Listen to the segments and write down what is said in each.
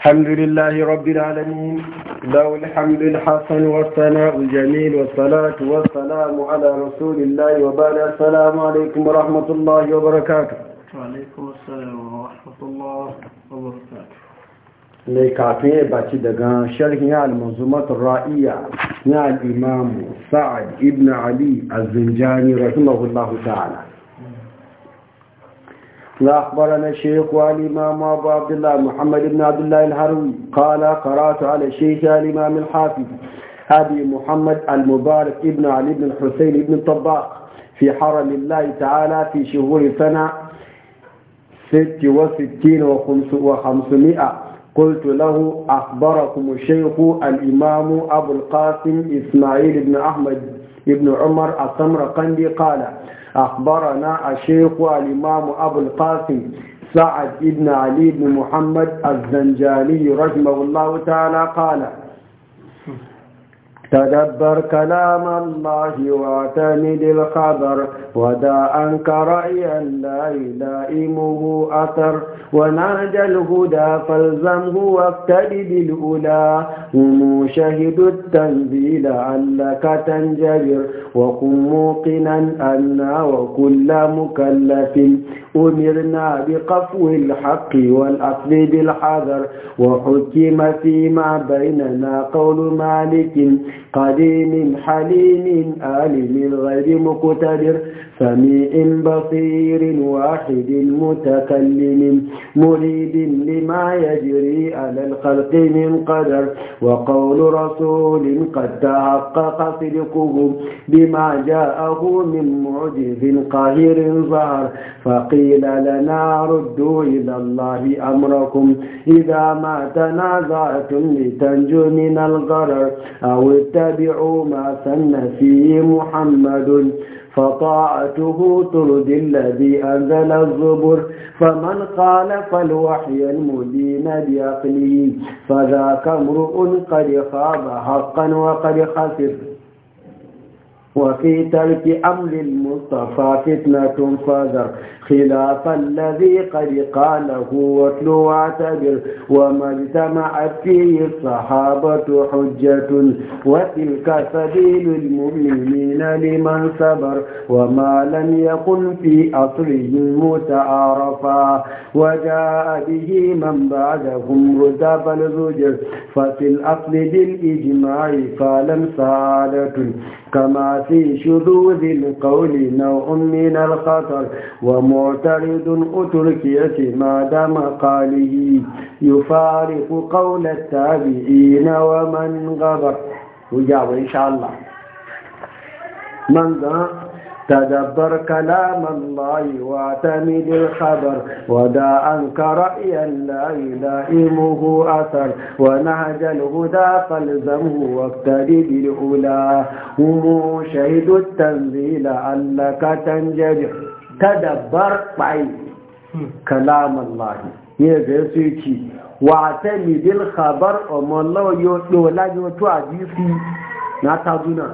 الحمد لله رب العالمين له الحمد الحسن والثناء الجميل والصلاة والسلام على رسول الله وبعد السلام عليكم ورحمة الله وبركاته وعليكم السلام ورحمة الله وبركاته mai باتي دقان baci daga sharhin al-manzumatul ra'iyya na al-imam sa'ad ibn ali az لا أخبرنا الشيخ والإمام أبو عبد الله محمد بن عبد الله الهروي قال قرأت على الشيخ الإمام الحافظ أبي محمد المبارك ابن علي بن الحسين بن الطباق في حرم الله تعالى في شهور سنة ست وستين وخمسمائة قلت له أخبركم الشيخ الإمام أبو القاسم إسماعيل بن أحمد بن عمر السمرقندي قال أخبرنا الشيخ الإمام أبو القاسم سعد بن علي بن محمد الزنجاني رحمه الله تعالى قال تدبر كلام الله واعتمد الخبر ودع عنك رأيا لا يلائمه أثر ونهج الهدى فالزمه واقتد بالأولى هم شهد التنزيل علك تنجبر وكن موقنا أنا وكل مكلف أمرنا بقفو الحق والأصل بالحذر وحكم فيما بيننا قول مالك قديم حليم آل من غير مقتدر سميع بصير واحد متكلم مريد لما يجري على الخلق من قدر وقول رسول قد تحقق صدقه بما جاءه من معجز قاهر ظهر فقيل لنا ردوا إلى الله أمركم إذا ما تنازعتم لتنجوا من الغرر أو اتبعوا ما سن فيه محمد فطاعته ترد الذي أنزل الزبر فمن خالف الوحي المبين بعقله فذاك امرؤ قد خاب حقا وقد خسر وفي ترك أمر المصطفى فتنة فاذر خلاف الذي قد قاله واتل واعتبر وما اجتمعت فيه الصحابة حجة وتلك سبيل المؤمنين لمن صبر وما لم يقل في أصله متعارفا وجاء به من بعدهم رداف الزجر ففي الأصل بالإجماع فلم سعادة كما في شذوذ القول نوع من الخطر وما معترض أتركية ما دام قاله يفارق قول التابعين ومن غبر وجاب إن شاء الله من ذا تدبر كلام الله واعتمد الخبر ودا عنك رأيا لا يلائمه أثر ونهج الهدى فالزمه واقتدي بالأولى هم شهد التنزيل علك تنجرح tadabbar bai kalaman lahi ya ga ya su yake wata ne bil khabar o yo dola yo to hadisi na tazuna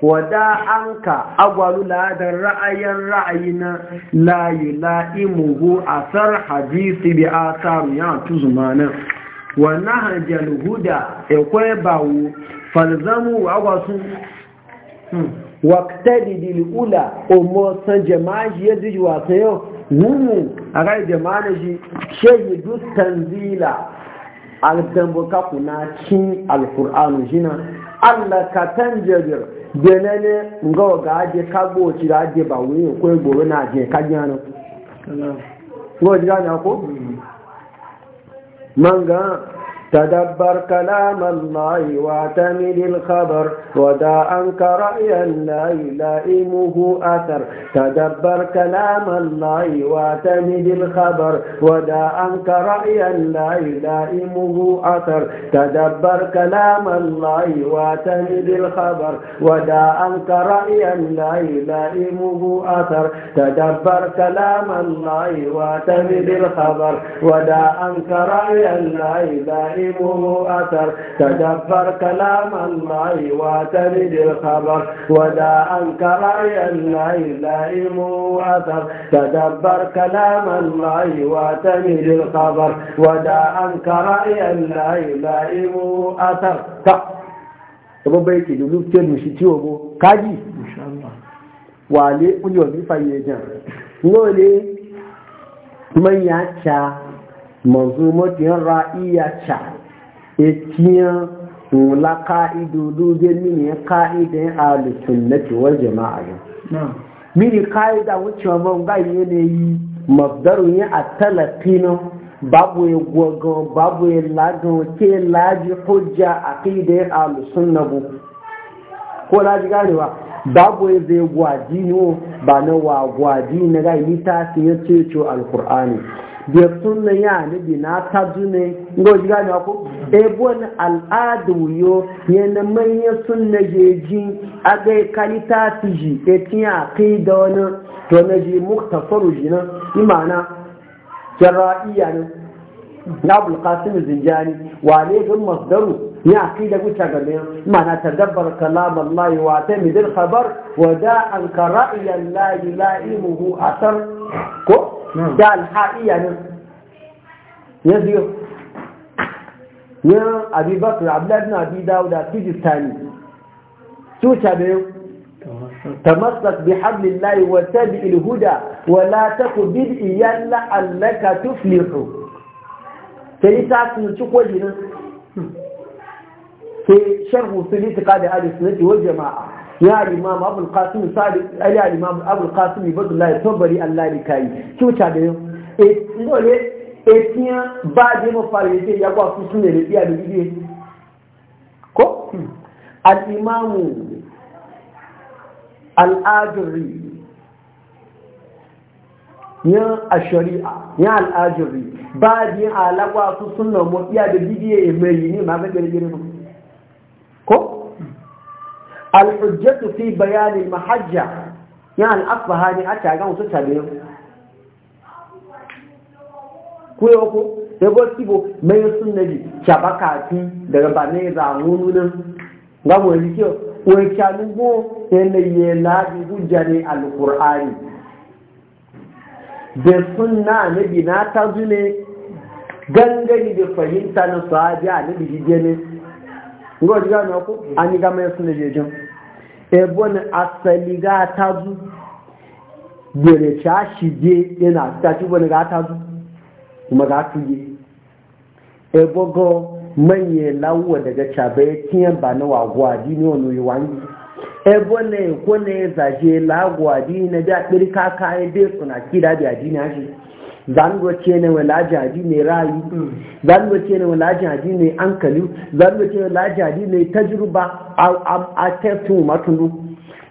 wada anka agwalu la da ra'ayin ra'ayina la yulaimuhu asar hadisi bi asar ya tuzumana wa nahjal huda e bawo falzamu wa wasu waktadi dil ula umo san jama'a ya ziji wasan yau nunu a ga jama'a shi shehi dus tanzila al-dambu ka kuna cin al-qur'anu jina Allah ka tanjabir denene ngo ga aje kagbo ci ga aje ba wi ko egboro na aje ka jano ngo jira na ko manga تدبر كلام الله واعتمد الخبر ودا عنك رأي الله لائمه أثر تدبر كلام الله واعتمد الخبر ودا عنك رأي الله لائمه أثر تدبر كلام الله واعتمد الخبر ودا عنك رأي الله لائمه أثر تدبر كلام الله واعتمد الخبر ودا عنك رأي الله لائمه تعريبه أثر تدبر كلام الماء واعتمد الخبر ودا أنك رأي النعي لائمه أثر تدبر كلام الماء واعتمد الخبر ودا أنك رأي النعي لائمه أثر Ọgbọ́ bẹ́ẹ̀ kìí ló tí ó lè ṣe tí ó bó káyì wà lé oúnjẹ ọ̀dún fàyè jàn. Lóòlé mẹ́yà ṣáà manzumatin ra'iya ca etiyan wula ka'idu zai mini ya ka'idan alisun na cewar jama'a yau mini ka'ida wucewa man ga yi mabdaru ya a babu ya gwagon babu ya lagun ke laji hujja a ka'idan alisun ko laji garewa babu ya zai gwaji ne ba na wa gwaji na ga yi tasirce alkur'ani da sunna ya nabi na ta zune ngo jiga ne ko e al'adu yo ne na manya sunna jeji aga kalita tiji e tiya to muktasaru jina imana jarra'iya ne لابو نعم، القاسم الزنجاني وعليهم مصدره يعقيد قلت أقول معنى تدبر كلام الله واعتمد ذي الخبر وداء كرأي لا يلائمه أثر كو نعم. داء الحائي يعني يزيو يا أبي بكر عبد الله بن أبي داود أكيد الثاني شو تبيه تمسك بحبل الله وتبع الهدى ولا تكن بدئيا لعلك تفلح sai ta sun sharhu ta kada ya imam abul qasim ali al imam abul qasim ibadullah tabari allah kai da yau e dole e tiya ba je mu ya kwa su da ko al imam al yan a shari'a yan al'ajiri ba di alaƙwa su suna mafiya da bidiyar ya mai ne ma ga girgiri ko al'ujjatu fi bayanin mahajja yan al'afaha ne a tagan wasu tabiyan ko yau ko ya gwasi bo mai suna bi caba kafi daga ba ne gamu ya ji kyau wani kyanin go yanayi ya labi al da suna nabi na ta zune gangani da fahimta na sahabi a nabi jide ne ga wajen gano ku an yi gama yasu na jejin ebon asali ga ta zu gere ta shige yana ta ci wani ga ta zu kuma ga tuye ebogo manye lawo daga cabe tiyan ba na wagwa dini wani wani ebe na ekwo na ezaje na bi akpiri kaka ebe so na kida na adini aji zango ce ne wala rayu zango ce ne wala aji ne ankalu zango ce wala aji ne tajruba a teftu matundu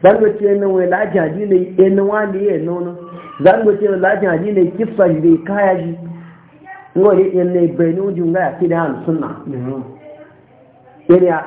zango ce ne wala aji ne enwa ne ye nono zango ce wala aji ne ji ya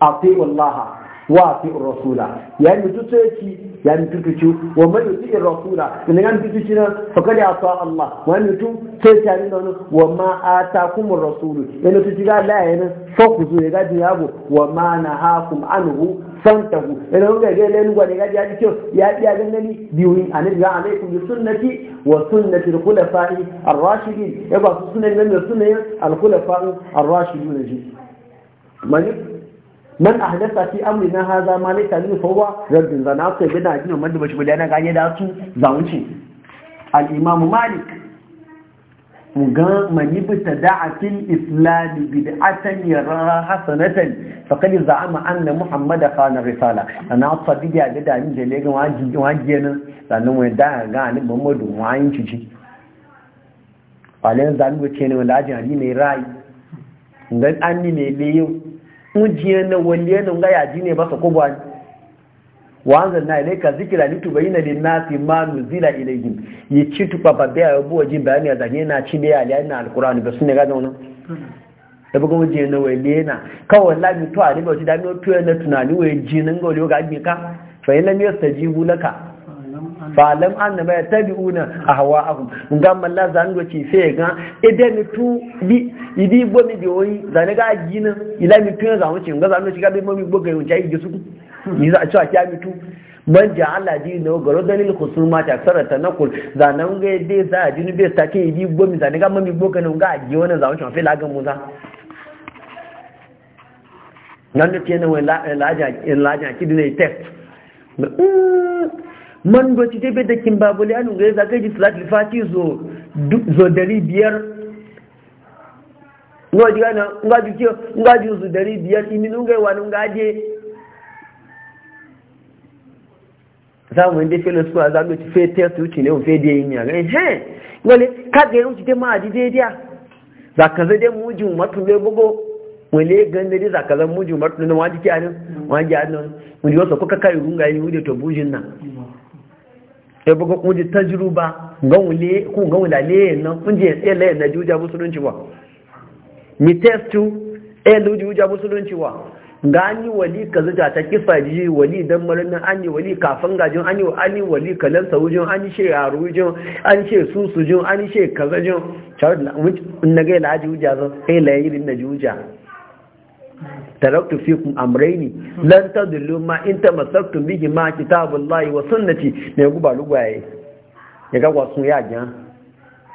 ati Allah wa ati rasula ya yi mutu sai ya yi mutu wa man yuti rasula idan ya mutu ci na fa a asa Allah wa mutu sai ta ni nan wa ma kuma rasulu ya mutu ci ga la ya nan fa ku zo ya ga diyago wa ma na ha nahakum anhu fantahu idan ga ga len gwa ne ga ya ci ya ya gangani a anan ga alaikum bi sunnati wa sunnati al-khulafa'i ar-rashidin ya ba sunan nan da sunan al-khulafa'i ar-rashidin ji mani man ahdasa fi amrina hadha ma laysa min fawwa rabbin zana ka ga da ajin man bashi bulana ga da su zawunci al imam malik ga man yibta da'atil islam bid'atan yara hasanatan faqad za'ama anna muhammad khana risala ana sadiya ga da ni da ga waji waji nan sannan wai da ga muhammadu wani cici balen zan ga ce ne wala ajin ali ne rai ngan anni ne leyo ujiyar na waliyar nan ga yaji ne masa ko bani wa anzal na ilayka na litubayyana lin-nasi ma nuzila ilayhim yici tuba babbe ya bo jin bayani da ne na ci da ya na alqur'ani hmm. ba sunne ga nan da bugo je na wele na kawai la mi to ani ba ci da mi to na tunani we jinin ga ga ka fa ina mi yastajibu laka lam anna ya tabi'una ahwa'ahum ngam malla zan do ci fe ga e idan tu bi idi bo mi bi oyi zan ga gina ila mi tun zan wuce ngam zan do ci ga bi mo mi bo ga yunja yi jisu. ni za a ci a mi tu man ja'ala dinu garo dalil khusuma ta sarata nakul zanan ga e de za a be bai take idi bo mi zan ga mo mi bo ga ga gi wannan zan wuce fe la ga mu za nan da ke nan wai laja laja kidine test mm. man doci dai da kin babuli anu ga za kai salatul fati zo zo dari biyar ngo diga na nga ju kiyo nga ju zo dari biyar imi nu ga wani nga je za mu inde fele su za mu ci fe test uci ne o fe de yin ya ga he ngole ka ga uci de ma di de dia za ka zai dai muji matu le bugo wale ganda dai za ka zai muji matu ne ji ki anin wani mu anin wani wasu ko kai runga yi wude to bujin nan ya buga kuji tajruba ngawule ku ngawula le nan kunje ele na juja musulunci wa mi testu ele juja musulunci wa gani wali ka zuta ta kisa ji wali dan marin nan yi wali kafin gajin an wali wali kalan sawujin an she yarujin an she susujin an she kazajin na ga laji juja zan kai layi din na juja taraktu fikum amrayni lan tadullu ma in tamassaktum bihi ma kitabullahi wa sunnati ne guba lugwaye ya ga wasu ya jan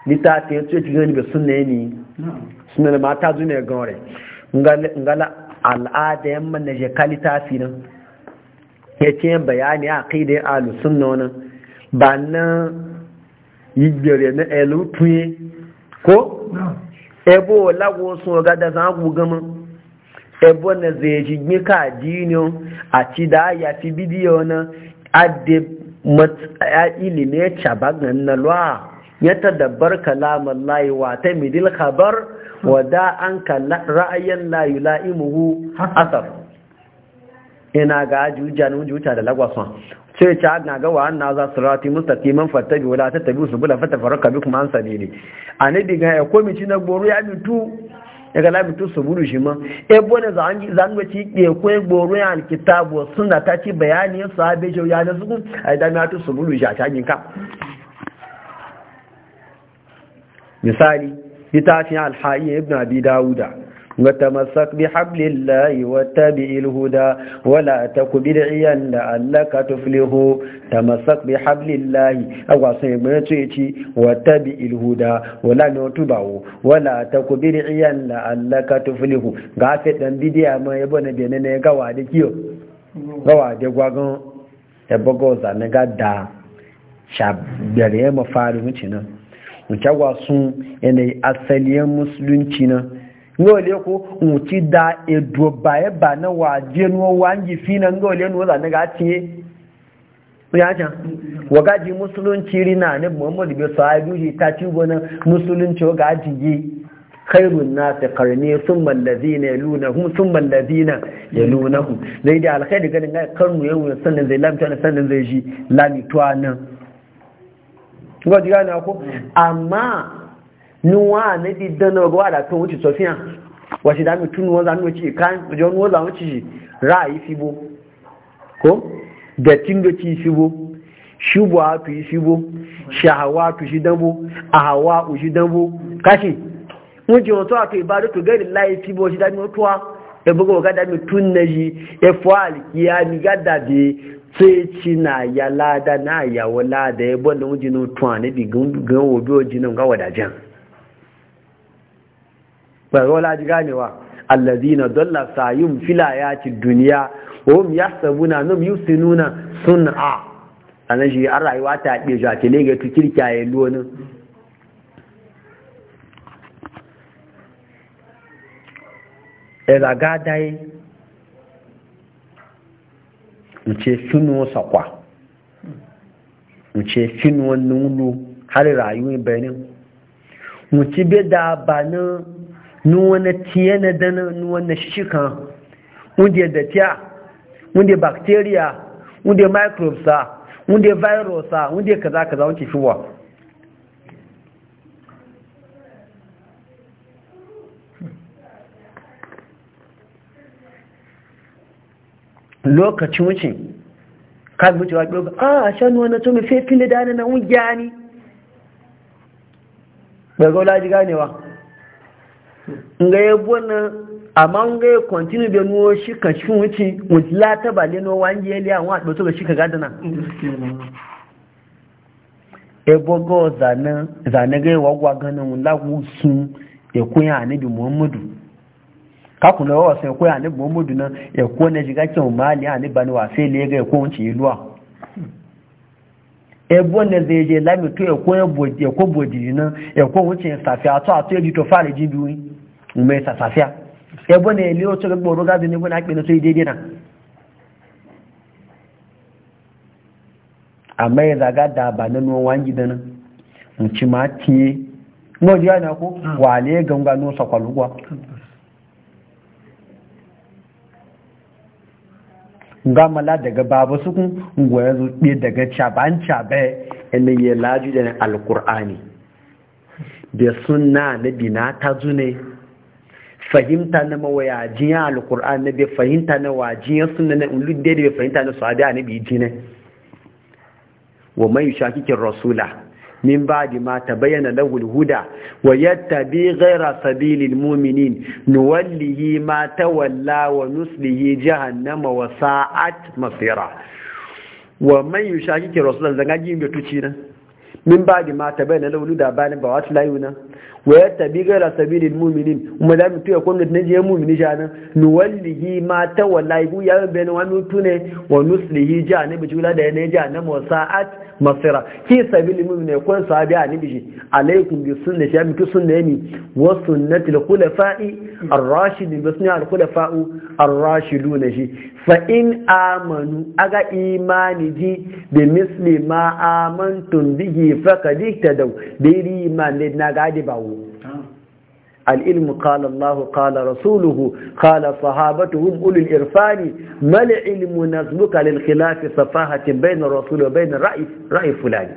litafi yace ti gani be sunne ni sunne na mata zune gore ngala ngala al adam man je kalitafi nan ce bayani aqidai al sunna nan ba nan yigbere na elutuye ko ebo lawo sun ga da zan gugaman ebo na zai ji mika adini a ci da ya fi bidiyo na adi ilimi ya caba na lwa ya dabar kalaman layi wa ta midil khabar wa da an ka ra'ayin layu la'imuhu asar ina ga ajiyu janu na da lagwason sai ce na ga an na za su rati biyu fattabi wala biyu su bula fata faraka kuma an sabili nabi ga ya komi ci na goro ya mutu. daga labitu su buru shi ma ebo ne zanuwa ci ke gboro ya alkitabu suna ta ci bayani ya sahabe shi ya da sukun a idan ya tu su buru shi a cajin ka misali littafin alha'iyyar ibn abi dawuda وتمسك بحبل الله واتبع الهدى ولا تكن بدعيا لعلك تفلح تمسك بحبل الله او سيبنتي واتبع الهدى ولا نتبعه ولا تكن بدعيا لعلك تفلح غافي دان بيديا ما يبون بيننا غوا دكيو غوا دغواغن ebogo zane ga da مفاري متينا mafari mutu اني mutu مسلمين yanayi ngole ko muti da edo bae ba na waje nuwa wangi na ngole nuwa da ga tiye ya ta wagaji musulunci na ne muhammad bin sahibi ta ci gona musulunci wagaji yi khairun nasi karni sun mallazi na yaluna hun sun mallazi na yaluna hun zai da alkhairi ganin ga karnu yau na sannan zai lamta na sannan zai ji lamituwa nan. Gwaji na ko, mm. amma nuwa na didan na gwa da tun wuce sofiya wace da mutum nuwa zanu wuce kan wajen nuwa zanu wuce ra'ayi fibo ko da tindoci fibo shubu a fi fibo shahawa tu shi dambo ahawa u shi dambo kashi wuce wato a kai ba da tugari layi fibo shi da mutuwa ya e buga waga da mutum na shi e ya fuwa ya mi gada da sai ci na ya lada na ya wala e da ya bọ́n da wujinin tuwa na bi gan wobe wajinan ga wadajen ɓarau laji ganewa allazina dalla sayun filayati duniya wahum yahsabuna num yusinuna sun'a anan shi an rayuwa ta ɗe shi a tele ga tukirkiya ya luwani ẹ̀rà gádáyé nce finu sakwa nce finu wani wulu, har rayuwa bayanin nce bai da ba nan nuwana tiyana dana nuwana shika wunde tiya wunde bacteria wunde microbes a wunde virus a wunde kaza kaza wunke fiwa lokacin wuce kan wuce wa ɗoga ah, a shanu wani to mai fefin da dana na wun gyani daga wula ji ganewa nga ya bona amma nga ya continue da nuwo shi ka shi wuce wuce la ta bale no wange ya liya wa ga shi ka gadana e bogo zana zana ga gwa ganin lagu sun muhammadu ka kuna wa sai muhammadu nan e Maali ne jiga kin mali anabi bani wa ebo lami mai sasafiya ebe na ele otu gbogbo oroga dị n'igwe na akpị n'otu idede na amma ya zaga da ba na nuwa gida na nchi ma tiye hmm. no ji yana ko wale ganga nusa kwalugwa gamala daga babu sukun zo zuɗe daga caban cabe yanayi laju da alkur'ani da bi na ta zune fahimta na mawayajiyar alkur'an na bai fahimta na wajiyar suna na ulu da bai fahimta na sahabi na nabi ji ne wa mai shakikin rasula min ba di ma ta bayyana lahul huda wa yatta bi gaira sabilil muminin nuwallihi ma ta wa nuslihi jahannama wa sa'at masira wa mai shakikin rasula zanga gini bai tuci nan min ba da mata bai na laulu da bayan ba wata layu nan wa ya tabi gara sabilin muminin kuma da mutu ya kwamnat na jiya mumini ja nan nuwallihi mata wallahi bu ya bai na wani tune wa nuslihi ja ne jula da yanayi ja na mosa'at masira fi sabilil ne kun sahabi a nibi alaikum bi sunnati am ki sunnani wa sunnati al khulafa'i ar-rashidin bi sunnati al khulafa'u ar-rashiduna shi fa in amanu aga imani ji bi misli ma amantum bihi faqad ihtadaw bi iman na gadi bawo al’ilmu kala Allah kala rasuluhu kala sahabatu hum ulul irfani mal ilmu nazbuka lil safahati, safahatin bainar rasulu bainar ra'i ra'i fulani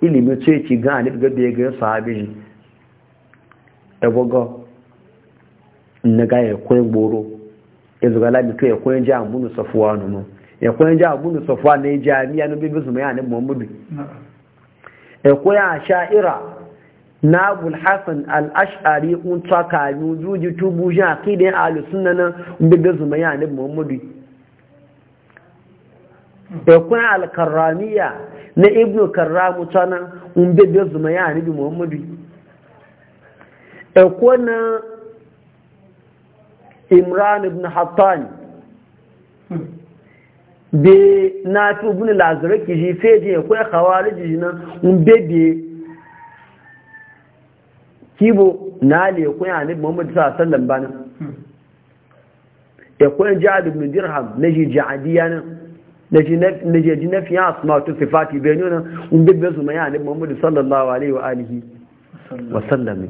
ilimi ce ki gani ga da ga sahabi da gogo na ga ya koyin boro yanzu ga lami to ya koyin ja munu safuwa nuno ya koyin ja munu safuwa ne jami'a no bibisu mai anan muhammadu na'am ya koyin sha'ira Nabul Hassan al'ashari kun tsaka yi juji tubu shi a kai da yin suna nan bigar zuma ya ne muhammadu da kuna alkarramiya na ibnu karramu ta nan bigar zuma ya ne muhammadu da kuna imran ibn Hattani be na fi ibn lazaraki shi feje ya kuna kawarar jiji nan bebe kibo na le kun ani Muhammad sallallahu alaihi wasallam bana ya kun ja'ad ibn dirham naji na naji naji jinafi ya asma tu sifati na unda bezu mai ani Muhammad sallallahu alaihi wa alihi wasallam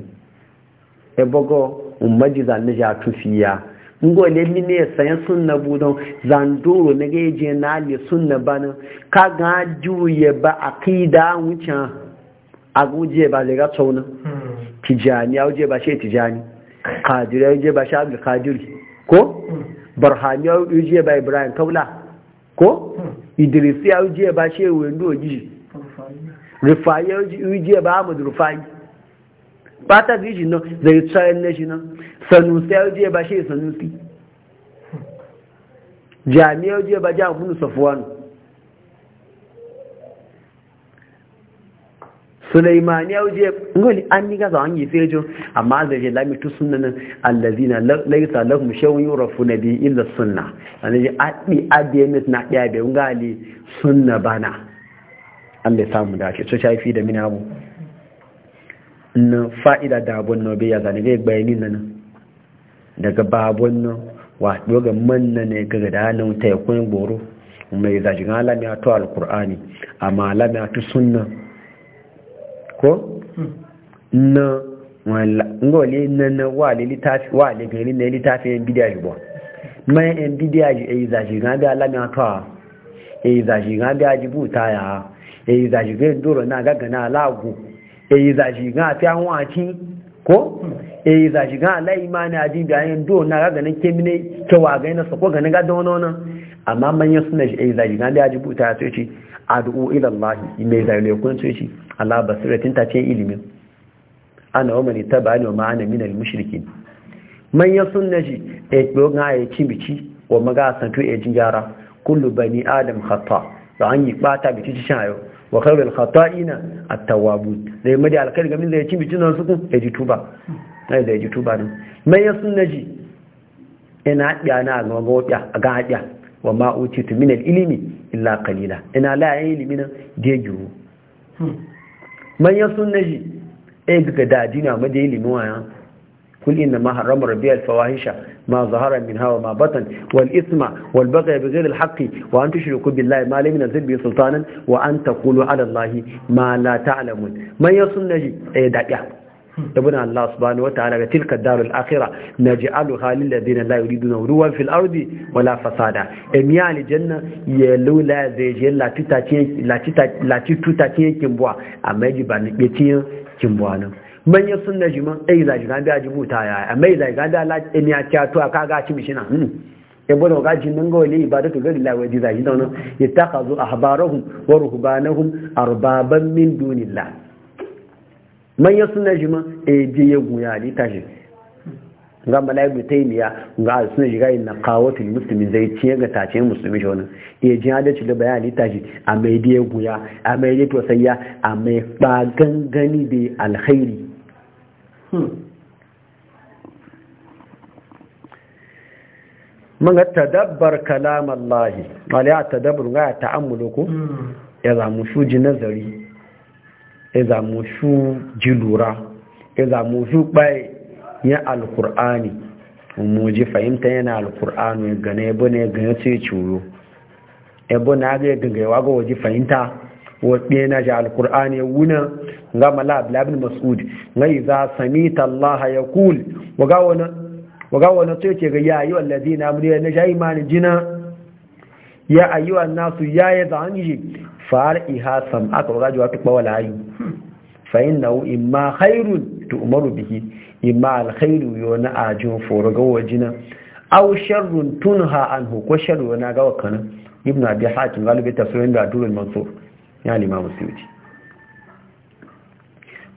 e bogo ummaji zan naji atufiya ngo le mi ne sayan sunna budon zanduro na geje na le sunna bana ka ga juye ba aqida wucin aguje ba zai gatsa wani tijani ya wuje ba shi tijani kadiri ya wuje ba shi abu kadiri ko hmm. barhani ya wuje ba ibrahim kaula ko hmm. idris ya wuje ba shi wendo oji rufai ya wuje ba amadu rufai bata jiji zai sanusi sanusi hmm. Sulaimani ya wuce ngoli an ni gaza an yi fejo amma da je lami tu sunnan allazina laysa lahum shay'un yurafu nabi illa sunna an je adi adi mit na dia be ngali sunna bana Allah ya samu dace to shafi da mina mu na fa'ida da abun no ya zane ga bayani nan daga babun nan wa doga nan ne ga da nan ta yakun goro mai zajin alamiya to alqur'ani amma alamiya tu sunna ko na wala ngole na na wale litafi wale gari na litafi en bidiya jibo mai en bidiya ji e za ji ga da la mi atwa e za ji ga da ji buta ya e za ji ga ndoro na ga gana lagu e za ji ga ti an wa ki ko e za ji ga la imani adi da en do na ga ganin kemine cewa ga na sako ganin ga e dono na amma manyan suna e, e za ji ga da ji buta ya ce addu'o ila Allah mai zai ne kun ce ala basiratin ta ce ilimin ana wa mani taba ne wa ma'ana minal mushrikin manyan sunnaji e a ya ci bici wa maga santu e jiyara kullu bani adam hatta da an yi bata bici cikin ayo wa ina a tawabu da yi madi alkhair ga da ya ci bici nan sukun e ji na sai da ya ji tuba din manyan sunnaji ina e ɗiya na ga wata a ga ɗiya wa tu minal ilimi illa kalila ina e la ilimi nan da ya giru hmm. manyan sunna ji e ga dadina ma da ilimin waya kul inna ma harrama rabbi al fawahisha ma zahara minha wa ma batan wal ithma wal baghy bi ghayri al haqqi wa an tushriku billahi ma lam yunzil bi sultanan wa an taqulu ala allahi ma la ta'lamun man yasunna ji e daɗiya ibn Allah subhanahu wa ta'ala ga tilka darul akhirah naj'aluha lil ladina la yuriduna ruwan fil ardi wala fasada emiya al janna ya lula zai je latita cin latita latituta cin kimbuwa amma ji ba ne cin kimbuwa nan manyan sunna jiman ai za jigan da jibuta ya amma za jigan da la emiya ta to aka ga ci mishina يقول وقال جنن قولي إبادة غير الله وجزاه يتخذوا أحبارهم ورهبانهم أربابا من دون الله Manya suna jima eh, a biye ya guya ne tashi ga malayi ta yi miya ga suna shiga yin na kawotin musulmi zai ciye ga tace musulmi shi wani eh, ya ji hada ci da bayani tashi a mai da guya a mai da tosayya a mai bagan gani da alkhairi manga tadabbar kalam Allah wala ya tadabbar ga ta'ammulu ko hmm. ya zamu shuji nazari iza mushu jilura iza mushu bai ya alkur'ani mu ji fahimta yana alkur'ani gane ebo ne gane sai ciwo ebo na ga ganga yawa ga waje fahimta wadda na ji alkur'ani ya wuna ga malab labin mas'ud ngai za samita allaha ya kul waga wani sai ce ga ya yi wallazi na murya na sha imanin jina ya ayyuan nasu ya yi za an yi far'iha sam'aka wa gajiwa tukpa wala ayu fa innahu imma khairun tu'maru bihi imma alkhairu yona ajun foro ga wajina aw sharrun tunha anhu ko sharru na ga wakana ibnu abi hatim galibi tafsirin da durul mansur yani imam suyuti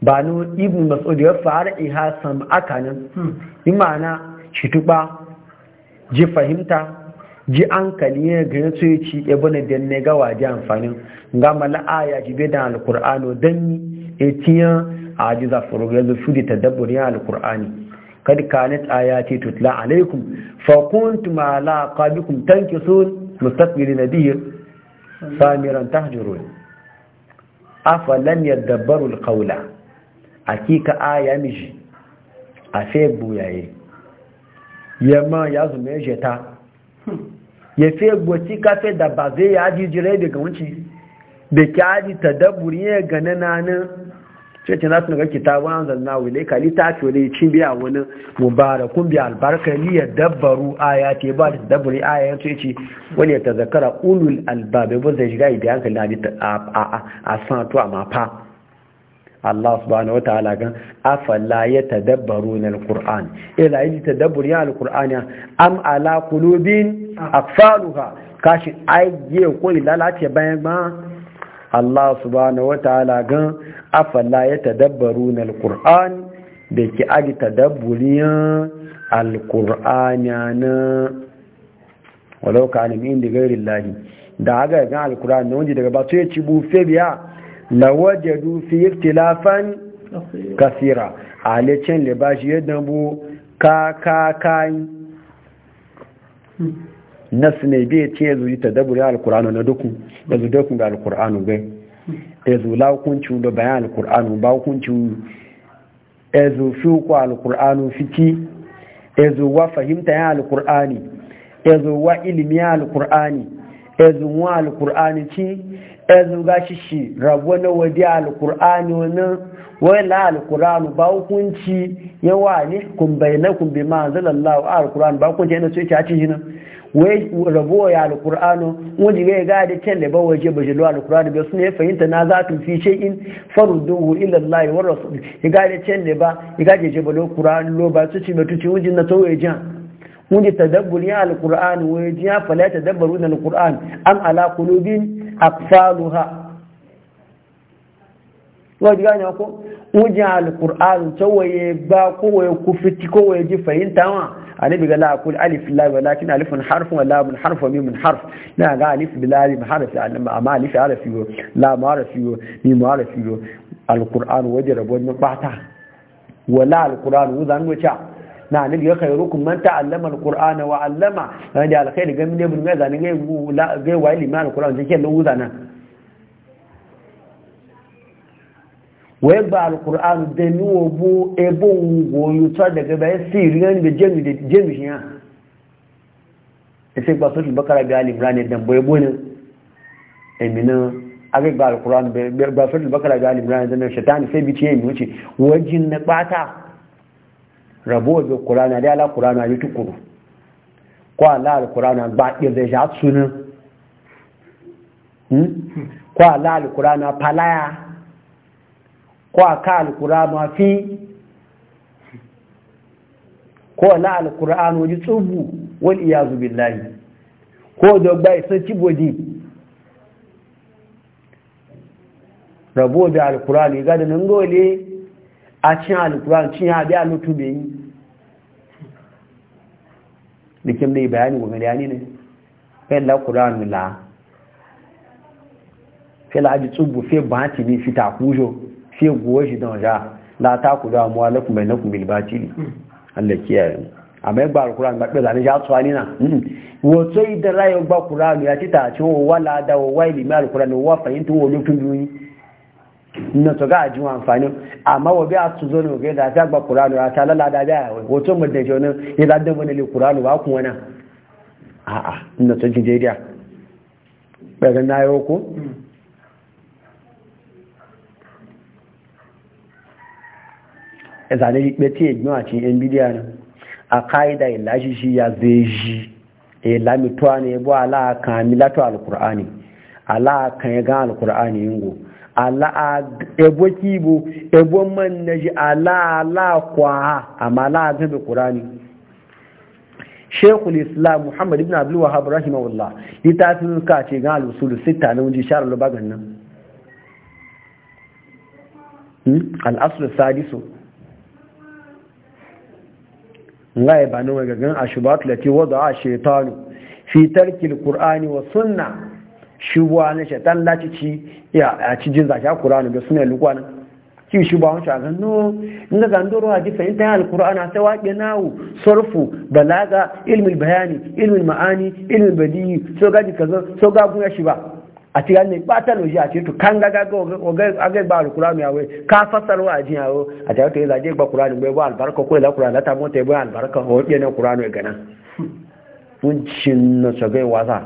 banu ibnu mas'ud ya far'iha aka nan hmm. imana shi tukpa ji fahimta ji an kaliye ga ya yi ci ibn dan ne ga ji amfanin Gama mala aya ji be da alqur'ano dan etiya ajiza zafuru. ya zo ta dabbar ya kadi kad kanat ce tutla alaikum la kwabikun tanki su tankisun na bihi samiran ta tahjurun afalan yadabbaru a kika aya miji a fe buyaye yamma ya zume ta. ya fi gwaci kafe da ba zai ya ji jirai daga wuce da aji ta daburi ya gane nan cikin nasu daga kitabu wani zanna wule ta littafi wani cin biya wani mubarakun biya albarka liya dabbaru aya ce ba da daburi aya ya ce wani ya ta zakara ulul albabe ba zai shiga idan hankali a to a mafa Allah subhanahu wataala gan afala yatadabbaruna alquran ila yi tadabbur ya ya am ala qulubin aqfaluha kashi ayye ko lalace bayan ma Allah subhanahu wataala gan afala yatadabbaruna alquran da ki aji tadabburiyan ya na walau ka alimin da gairin lahi da aga ga alqur'an ne wanda daga ba su ya ci bufe biya lawajadu fi iftilafan kasira ba shi yadda bu kakakai nasu ne biya ce ya zuyi ta daburi alkur'anu na duku. da zu dukun ga alkur'anu bai ya zu laukuncin da bayan alkur'anu ba hukuncin ya zu fi uku alkur'anu fiki ya zu fahimta ya alkur'ani ya zu ilimi ya alkur'ani ya zu wa alkur'ani ci ɗazu ga shi shi rabuwa na wadi alkur'ani wani wala alkur'ani ba hukunci yawa ne kun bayyana kun bi ma a alkur'ani ba hukunci yana soke haci shi wai rabuwa ya alkur'ani wani ga ga da can da ba waje ba jelo alkur'ani ba su ya fahimta na za tu fi shay'in farduhu ila Allah wa rasul ya ga da kyan da ba ya ga je balo qur'ani lo ba su ci mutuci wani na tawaye jan wani tadabbur ya alkur'ani wani ya fala tadabbaru na alkur'ani am ala qulubin akfaluha wajen gane ko wajen alkur'an tawaye ba kowaye ku fiti kowaye ji fahimta wa alibi ga la'akul alif labi lakin alifin harfin wa labin harfa mimin harf na ga alif bilari ma harafi amma alif harafi yo lamu harafi yo ma harafi yo alkur'an wajen rabon bata wala alkur'an zan wuce na annabi ya rukun man ta'allama alqur'ana wa 'allama da alkhairi ga mine bunga zani ga la ga wai ilmi alqur'an take lu zana wa ba alqur'an da ni e bu wo da ga bai siri ga ni jemi de jemi shi ya e sai ba sotul bakara ga al-imran dan boye bonin emina ba alqur'an ba sotul bakara ga alimran da dan shaytan sai ce mu ce wajin na bata rabo da kurana da ala kurana yi tukuru ko ala alkurana ba ɗirɗe shi a sunan hmm? ko ala alkurana palaya ko aka alkurana fi ko ala alkurana wajen tsubu wal iyazu billahi ko dogba isa cibodi rabo da alkurana ga gada nan gole a cin alkuran cin a lutu bai yi da kim dai bayani wa miliyani ne fayin la kuran la aji tsubu fe banti ni fita kujo fe gowa shi don ja la ta ku da muwa lakum bainakum bil batili Allah kiyaye mu àmẹ́ gba alùkùránì gbà pẹ̀lú àníṣà tó nínà wò tó ìdára yóò gba kùránì àti tààtí wọ́n wà ládá wọ́n wá ìlìmí alùkùránì wọ́n fàyín wa wọ́n ló na to ga ajin amfani amma wa bi a su zo ne ga da ta gba qur'ani ya ta lala da da hoton mu da jona ya da dan wani qur'ani ba ku wana a a na to jin jeriya ba ga na yi ko e zane be ti a ati en bidiya ne a kaida ilashi shi ya zeji e lamitwa ne bo ala kan mi lato alqur'ani ala kan ga alqur'ani yingo ala ebo kibo ebo man na ji ala ala kwa amma ala ta da qur'ani shaykhul islam muhammad ibn abdul wahhab rahimahullah litafin ka ce ga al-usul sita na wuji shar al-bagan nan hmm? al-asl sadisu ngai e ba nan ga gan ashubat lati wada shaytanu fi tarki al-qur'ani wa sunnah shubuwa na shaitan lacici ci ya a ci jin zaki a kuranu da suna lukwa nan ki shubuwa wani a no in ga gandoro a jifa in ta yi alkur'ana sai waƙe nawu sarfu balaga ilmin bayani ilmin ma'ani ilmin badiyi so gaji kaza so gagun ya shi ba a ti ne ɓata loji a ce to kan ga gaga ga ba alkur'ani ya wai ka fasarwa a jin yawo a ta yi zaje ba kur'ani bai ba albarka ko ila kur'ani ta mota ya bai albarka ko waƙe na kur'ani ya gana. Mun cin na sagai waza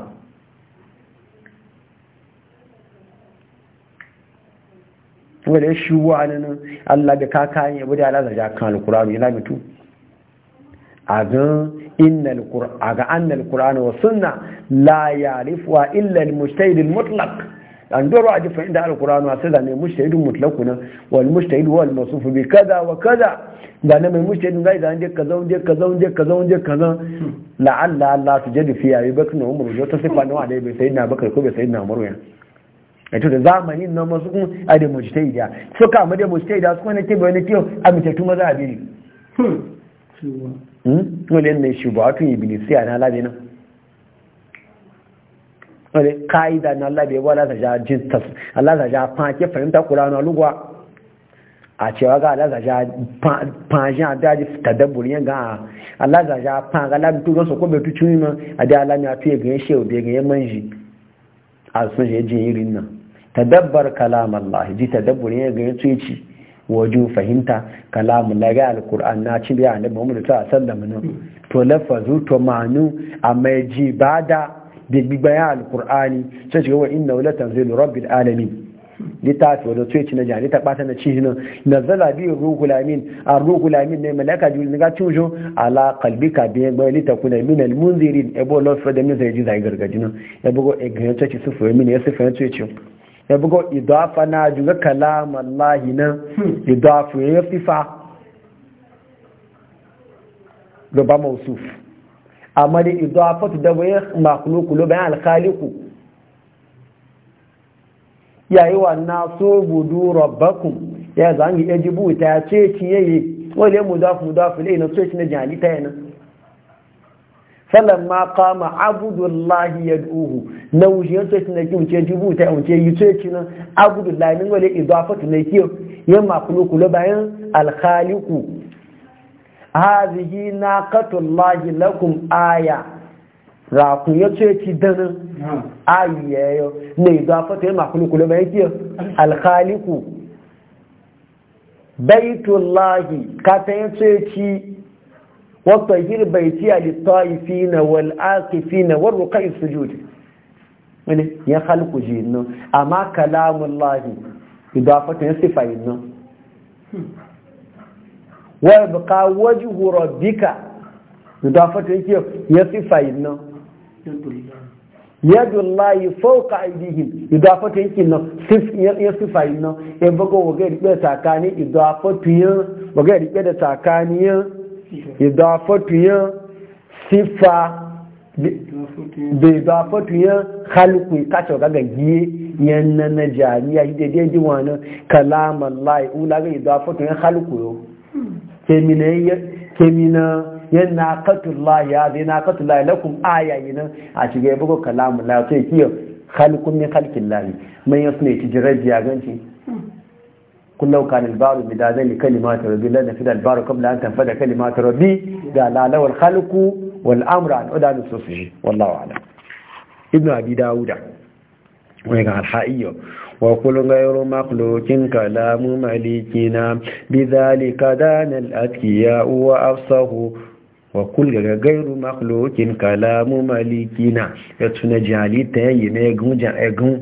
da shi wani nan Allah da kaka ne bude Allah zarja kan alqur'ani yana a aga innal qur'an ga annal qur'ana wa sunna la ya'rifu illa al mujtahid al an doro a fa inda alqur'an wa sai da ne mujtahid mutlaq ne wal mujtahid huwa al bi kaza wa kaza da ne mai mujtahid ga idan je kaza je kaza je kaza je kaza la'alla Allah tujadi fi ayi bakna umru jota sifa ne wa ne bai sayyidina bakar ko bai sayyidina umru ya yato da zamanin nan masu kun a da mujtahida so ka da mujtahida su kuma ke bayan kiyo a mitattu maza a biri hmm. Hmm? wale ne shi ba labe nan wale kaida na labe ta ja ja lugwa a cewa ga Allah ta ja fa a da ji tadabburi a Allah ta ja fa ga labi tuci ma a da Allah ya tuye ga shehu manji a sun ya jin irin nan tadabbar kalam Allah ji tadabbur ne ga yace ci wajen fahimta kalamun na ga alkur'an na ci a annabi Muhammad sallallahu alaihi wasallam to lafazu to manu amma ji bada bi ya alkur'ani sai shiga wa inna la tanzilu rabbil alamin littafi wadda tuye ci na jani ta ɓata na ci hinan na zala biyu rukulamin a rukulamin ne malaka juli ga tujo ala kalbi ka biyan bayan lita kuna min almunzirin ebo lofa da min zai ji zai gargaji e ya bugo e ganyen sufuri ci min ya sufuri tuye ci ya bugo idafa na juga kalam Allah nan hmm. idafu ya fifa gaba mausuf amma da ta da waye makhluku lo bayan alkhaliku yayi wa nasu budu rabbakum ya zangi ejibu ta ce ciye yi wale mudafu mudafu le na so shi na jali ta yana ma falamma qama abdullahi yad'uhu na wujiyar to na ki wuce jibu ta wuce yi to ci nan abdullahi min wale idafatu na ki yin makhluqu la bayan al na hadhihi naqatullahi lakum aya ra ku ya ce ci dan ayiye ne idafatu yan makhluqu la bayan ki al khaliqu baitullahi ka ta ce ci والطهير بيتي للطائفين والعاكفين والرقع السجود من يخلق جينا أما كلام الله إضافة صفين ويبقى وجه ربك إضافة صفين yadu layi fauka aidihim idafatu yankin nan ya sifayin nan ya bago waga rike da takani idafatu yin waga rike da takaniyin idafatuyen sifa sífà idafatuyen halukun kacce gaga giye yanna na jami'a shi daidai ji wani kalaman wọn ula ga láì halukun yau kemina ya yẹn na katullahi lakum ayayi nan a shiga ya bugu kalamun lai sai kiyo halukun min ne ci jirar kullau kan albaru bi da zai kalimatu rabbi la nafida albaru qabla an tanfada kalimatu rabbi da lalaw alkhalqu wal amru an udanu sufi wallahu a'lam ibnu abi dauda wai ga alha'iyyo wa kullu ghayru makhluqin kalamu malikina bidhalika dana al-atqiya wa afsahu wa kul ga gairu makhluqin kalamu malikina ya tuna jali ta yi ne gunjan egun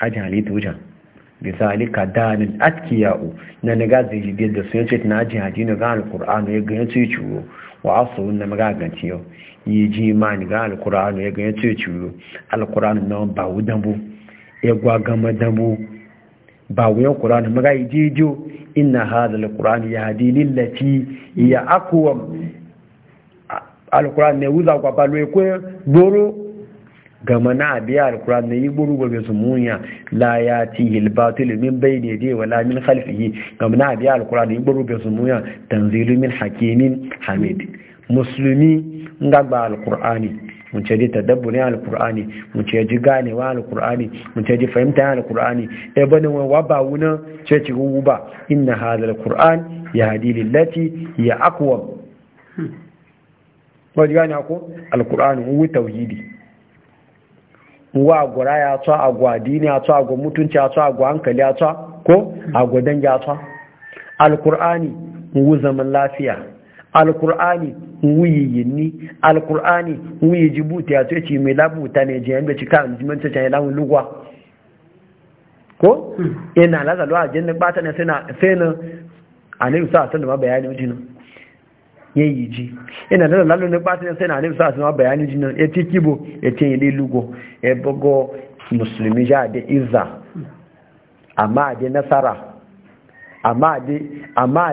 a jali tujan bisalika danin atkiya'u na ga zai da sun ce na ji na ga alkur'anu ya ganye ce ciwo wa asu na magaganci yau yi ji ma ni ga alkur'anu ya ganye ce ciwo alkur'anu na ba wu dambu ya gwagama dambu ba wu ya kur'anu maga yi jejo inna hada alkur'anu ya hadi lillafi ya akuwa alkur'anu ne wuza kwa balo ya kwe gama na biya alkuran na yi gurgu bai su munya la ya ti hilbatul min bai ne dai wala min khalfihi gama na biya alkuran na yi gurgu bai su munya tanzilu min hakimin hamid musulmi ngagba alkurani mun ce ji tadabburin alkur'ani mun ce ji ganewa alkur'ani mun ce ji fahimta alkur'ani e bane wa ba wuna ce ci gugu ba inna hadha alkur'an yahdi lillati ya aqwa ko hmm. ji gane alkur'ani wu tauhidi wa gura ya tsa agwa dini ya tsa agwa mutunci ya tsa agwa hankali ya tsa ko agwa dangi ya tsa alkur'ani wu zaman lafiya alkur'ani wu yiyinni alkur'ani wu yi jibuti ya tsoci mai labuta ne jiyan da cika jiman cece ya lamun lugwa ko ina hmm. e lazalu a jinnin bata na sai na a ne yusa a bayani wajen ya yi ji ina da lalu ne ba sai na nufi sa suna bayani ji nan ya kibo ya ti yi lugo ya e bugo musulmi ja da izza amma da nasara amma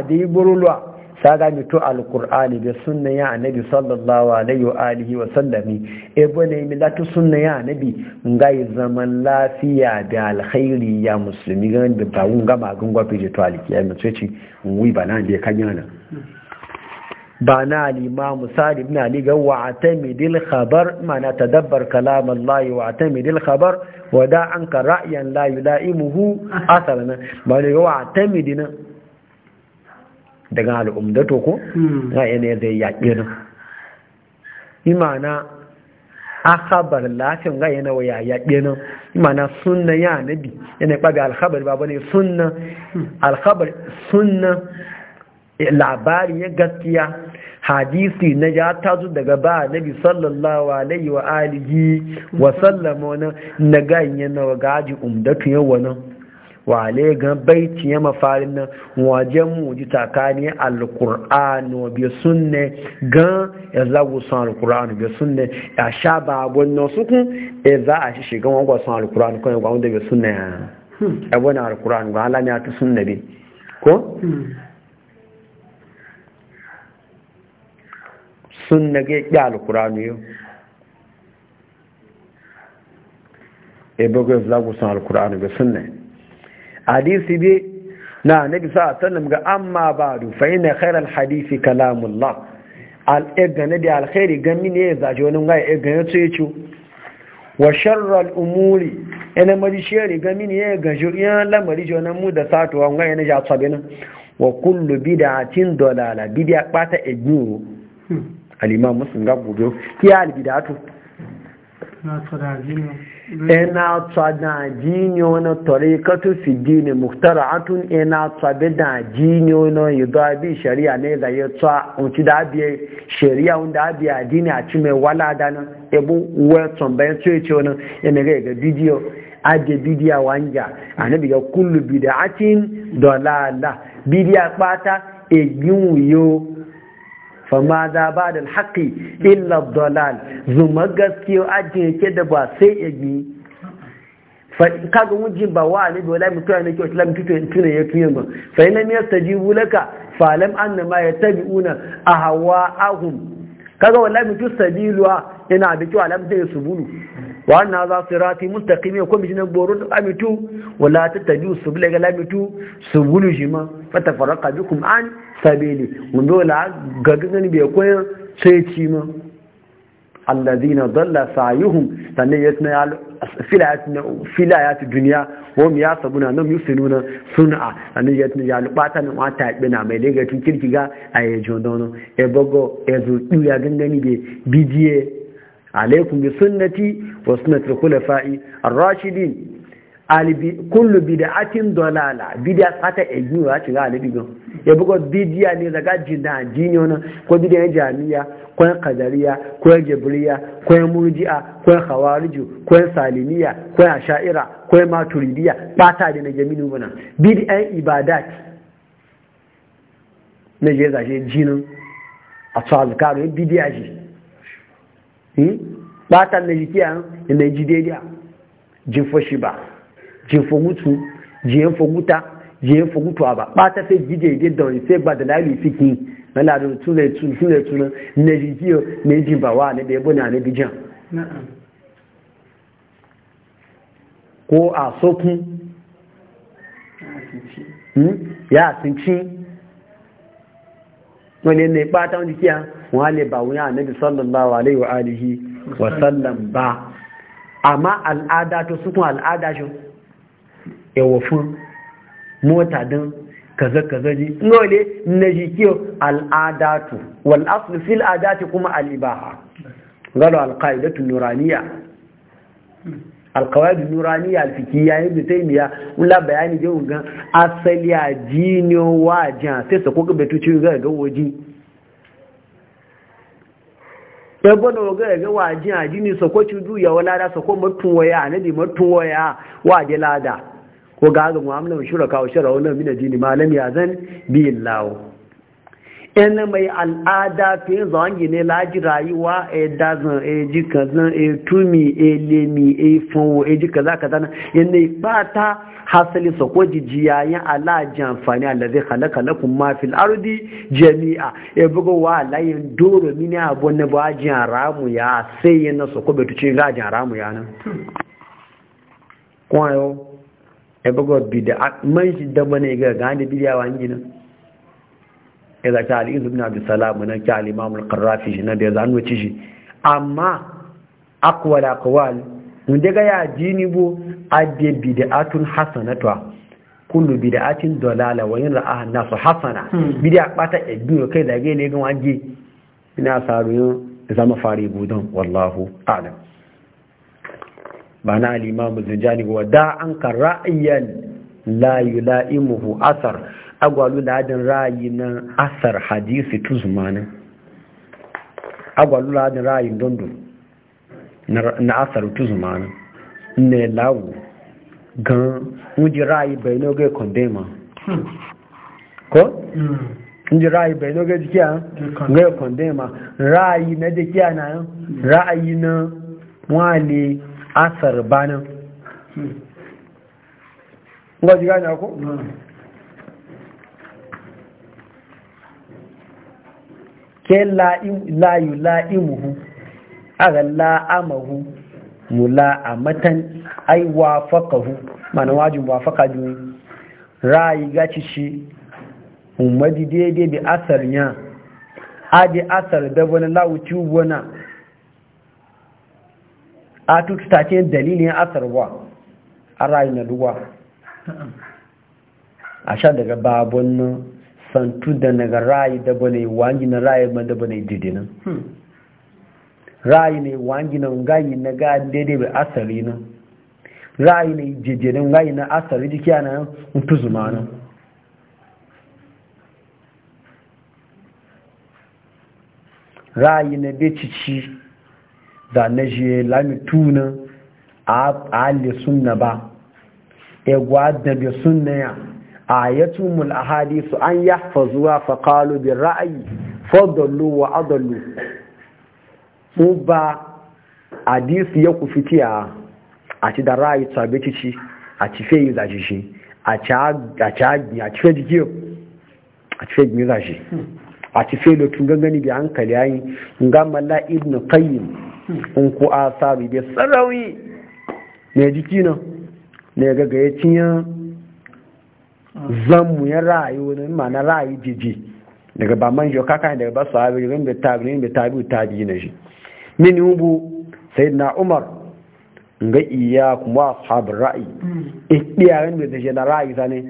da yi burulwa ta gami to alkur'ani da sunna ya annabi sallallahu alaihi wa alihi wa sallami e bone mi latu sunna ya annabi ngai zaman lafiya da alkhairi ya musulmi ga da bawun gama gungo fije to alkiyami sai ci wi bana da kanyana ba na al'imamu sa'ad ibn ali ga wa'ata midil khabar mana tadabbar kalam Allah wa'ata midil khabar da an ka ra'yan la yula'imuhu asarana ba ne a wa'ata midina daga al'umdato ko ra'ayi hmm. ne zai yaƙi nan imana a khabar lafin ra'ayi wa waya yaƙi nan imana sunna ya nabi yana ɓaga alkhabar ba ne sunna hmm. alkhabar sunna labari ya gaskiya hadisi na ya tazo daga ba nabi sallallahu alaihi wa alihi wa sallama wani na ganye na gaji umdatu yau wani wale gan baiti ya mafarin nan wajen muji tsakanin alkur'an wa biya sunne gan ya za ku san alkur'an biya sunne ya sha ba gwanna su kun ya za a shi shiga wangwa san alkur'an kan ya gwamnda biya sunne ya hmm. wani alkur'an ga halamiya ta sunne bi ko hmm. sun na ga ƙi alkur'anu yau ebe ga yanzu lagu sun alkur'anu ga sunna e e hadisi bi na nabi sa sallam ga amma ba du fa inna khairal hadisi kalamullah al egane da alkhairi gami ne ya zaje wani ga egane to yace wa sharral umuri ina mari shari gami ne ya gajo ya lamari na mu da satuwa ga yana ja tsabe na. wa kullu bid'atin dalala bid'a bata ejuru al'imam musu ga gobe ki ya albidatu ina tsada jiniyo e na tarikatu fi dini muhtara'atun ina e tsabe da jiniyo na yudabi shari'a ne da ya tsa unci da abiye shari'a wanda abiye adini a ci mai wala da nan ebu wetson bayan tsoye ce wani yana e ga ga bidiyo aje bidiya wanja anabi ga kullu bid'atin dalala bidiya kpata egin wuyo fama za ba da haƙi illa dalal zuma gaskiya ajin yake da ba sai ya bi kaga wujin ba wa ne wala mutu ya nake islam tuna ya tuye ba fa ina ne yastajibu laka fa lam anna ma hawa ahun." kaga wala mutu sabilwa ina da kyau alam da subulu wa anna za sirati mustaqim ko boru da amitu wala tattabi'u subula ga lamitu subulu jima fatafarraqa bikum an sabili mun zo la gaggan bai koyan sai ci ma alladhina dalla sa'yuhum sanne yasna duniya, filayat dunya ya sabuna nam yusinuna sun'a sanne yasna ya lubata nan wata bina mai daga tun kirki ga ayi dono e bogo e zu duya gangani be bidiye alaikum bi sunnati wa sunnati khulafa'i ar-rashidin alibi kullu bid'atin dalala bid'a fata ejuwa ci ga alibi gan ya buga bidiya ne daga jina jini wani ko bidiyan jami'a ko yan kadariya ko yan jibriya ko yan murji'a ko yan khawariju ko yan salimiya ko yan sha'ira ko yan maturidiya bata da na jami'in wani bidiyan ibadat na je zashe jinin a tsazukaru yin bidiya shi hmm? bata na jikiya na jidediya jinfo shi ba jinfo mutu jinfo muta je fugutuwa ba ba ta sai gije je da wani sai ba da lali fiki na na ladin tule tule tule ne jiyo ne jibawa ne da yabo na ne bijan ko a sokun ya sinci wani ne ba ta wani kiya wale ba wuya annabi sallan ba, wa alihi wa sallan ba amma al'ada to sukun al'ada shi yawafin mota don kaza kaza ji nole na ji al'adatu wal fil adati kuma alibaha ibaha galo al qaidatu nuraniya al qawaid nuraniya ta yi miya, taymiya ulla bayani je gan asali a waja sai sa ko ga betu ci ga ga woji ebono ga ga waji ajini sa ko ci du ya wala da sa ko mutun waya ne di mutun wa waje lada ko ga hazin mu'amalan shuraka wa shara wannan min jini malam ya zan bi lawo ina mai al'ada fi zangi ne laji rayuwa e dazan e ji zan e eh, tumi e lemi e fanwo e ji kaza kaza na yana ta hasali sa ko jijiya yin alaji amfani alazai halaka lakum ma fil ardi jami'a e buga wa layin doro mini abu na ba jin ramu ya sai yana sa ko betu ga jin ramu ya nan hmm. kwayo ya bugo bid'a man shi da bane ga gani bid'a wa ngina idza ta ibn abd salam na ta imam shi na da zan wuce shi amma aqwal aqwal mun daga ya jini bo adde bid'atun hasanatwa kullu bid'atin dalala wa in ra'aha an hasana hmm. bid'a bata biyu kai da ga ne ga waje ina saruyo zama fari budan wallahu a'lam ma'ana al-imam az-zinjani wa da an ka ra'ayan layu yula'imuhu asar agwalu ladin ra'ayi na asar hadisi tuzmanin agwalu ladin ra'ayin dondo na asar tuzmanin ne lawu gan wuji ra'ayi bai noge kondema ko? inji hmm. ra'ayi bai noge jikiya ga kondema ra'ayi na jikiya na hmm. ra'ayi na wale asar banin hmm. gwaji gane ko? Hmm. ke layu la'imuhu aga la'amahu mu la'amatan ai wafakahu mana wajin wafaka juni ra'ayi gaci shi umadi daidai bi asar ya adi asar da wani lawuci wana a tututace dalilin asarwa a rayu na ruwa a sha daga babon santu da naga rayu da bane wangi na rayu ma da bane didinan hmm. rayu ne wangi na ngayi na ga daidai bai asari nan rayu ne jijjirin ngayi na asari jiki ana zuma nan rayu na becici da na je lamituna a ali sunna ba egwa da bi sunna ya ayatumul ahadisu an yahfazuha fa qalu bi ra'ayi fadallu wa adallu uba hadisi ya kufitiya a ti da ra'ayi tsabe cici a ti fe yi zashi shi a ci a a ci fe jikiyo a ci fe gmi zashi a ci fe lokin gangani an hankali yayi ga malla ibn qayyim in ku asabi da sarawi ne jiki na ne ga ga yacinya zammu ya rayu ne na rayu jiji daga ba man jo kaka daga ba sahabi rin da tabi ne be tabi tabi na shi min ubu sayyidina umar Nga iya kuma ashabin ra'ayi ikiyayen da zai na ra'ayi zane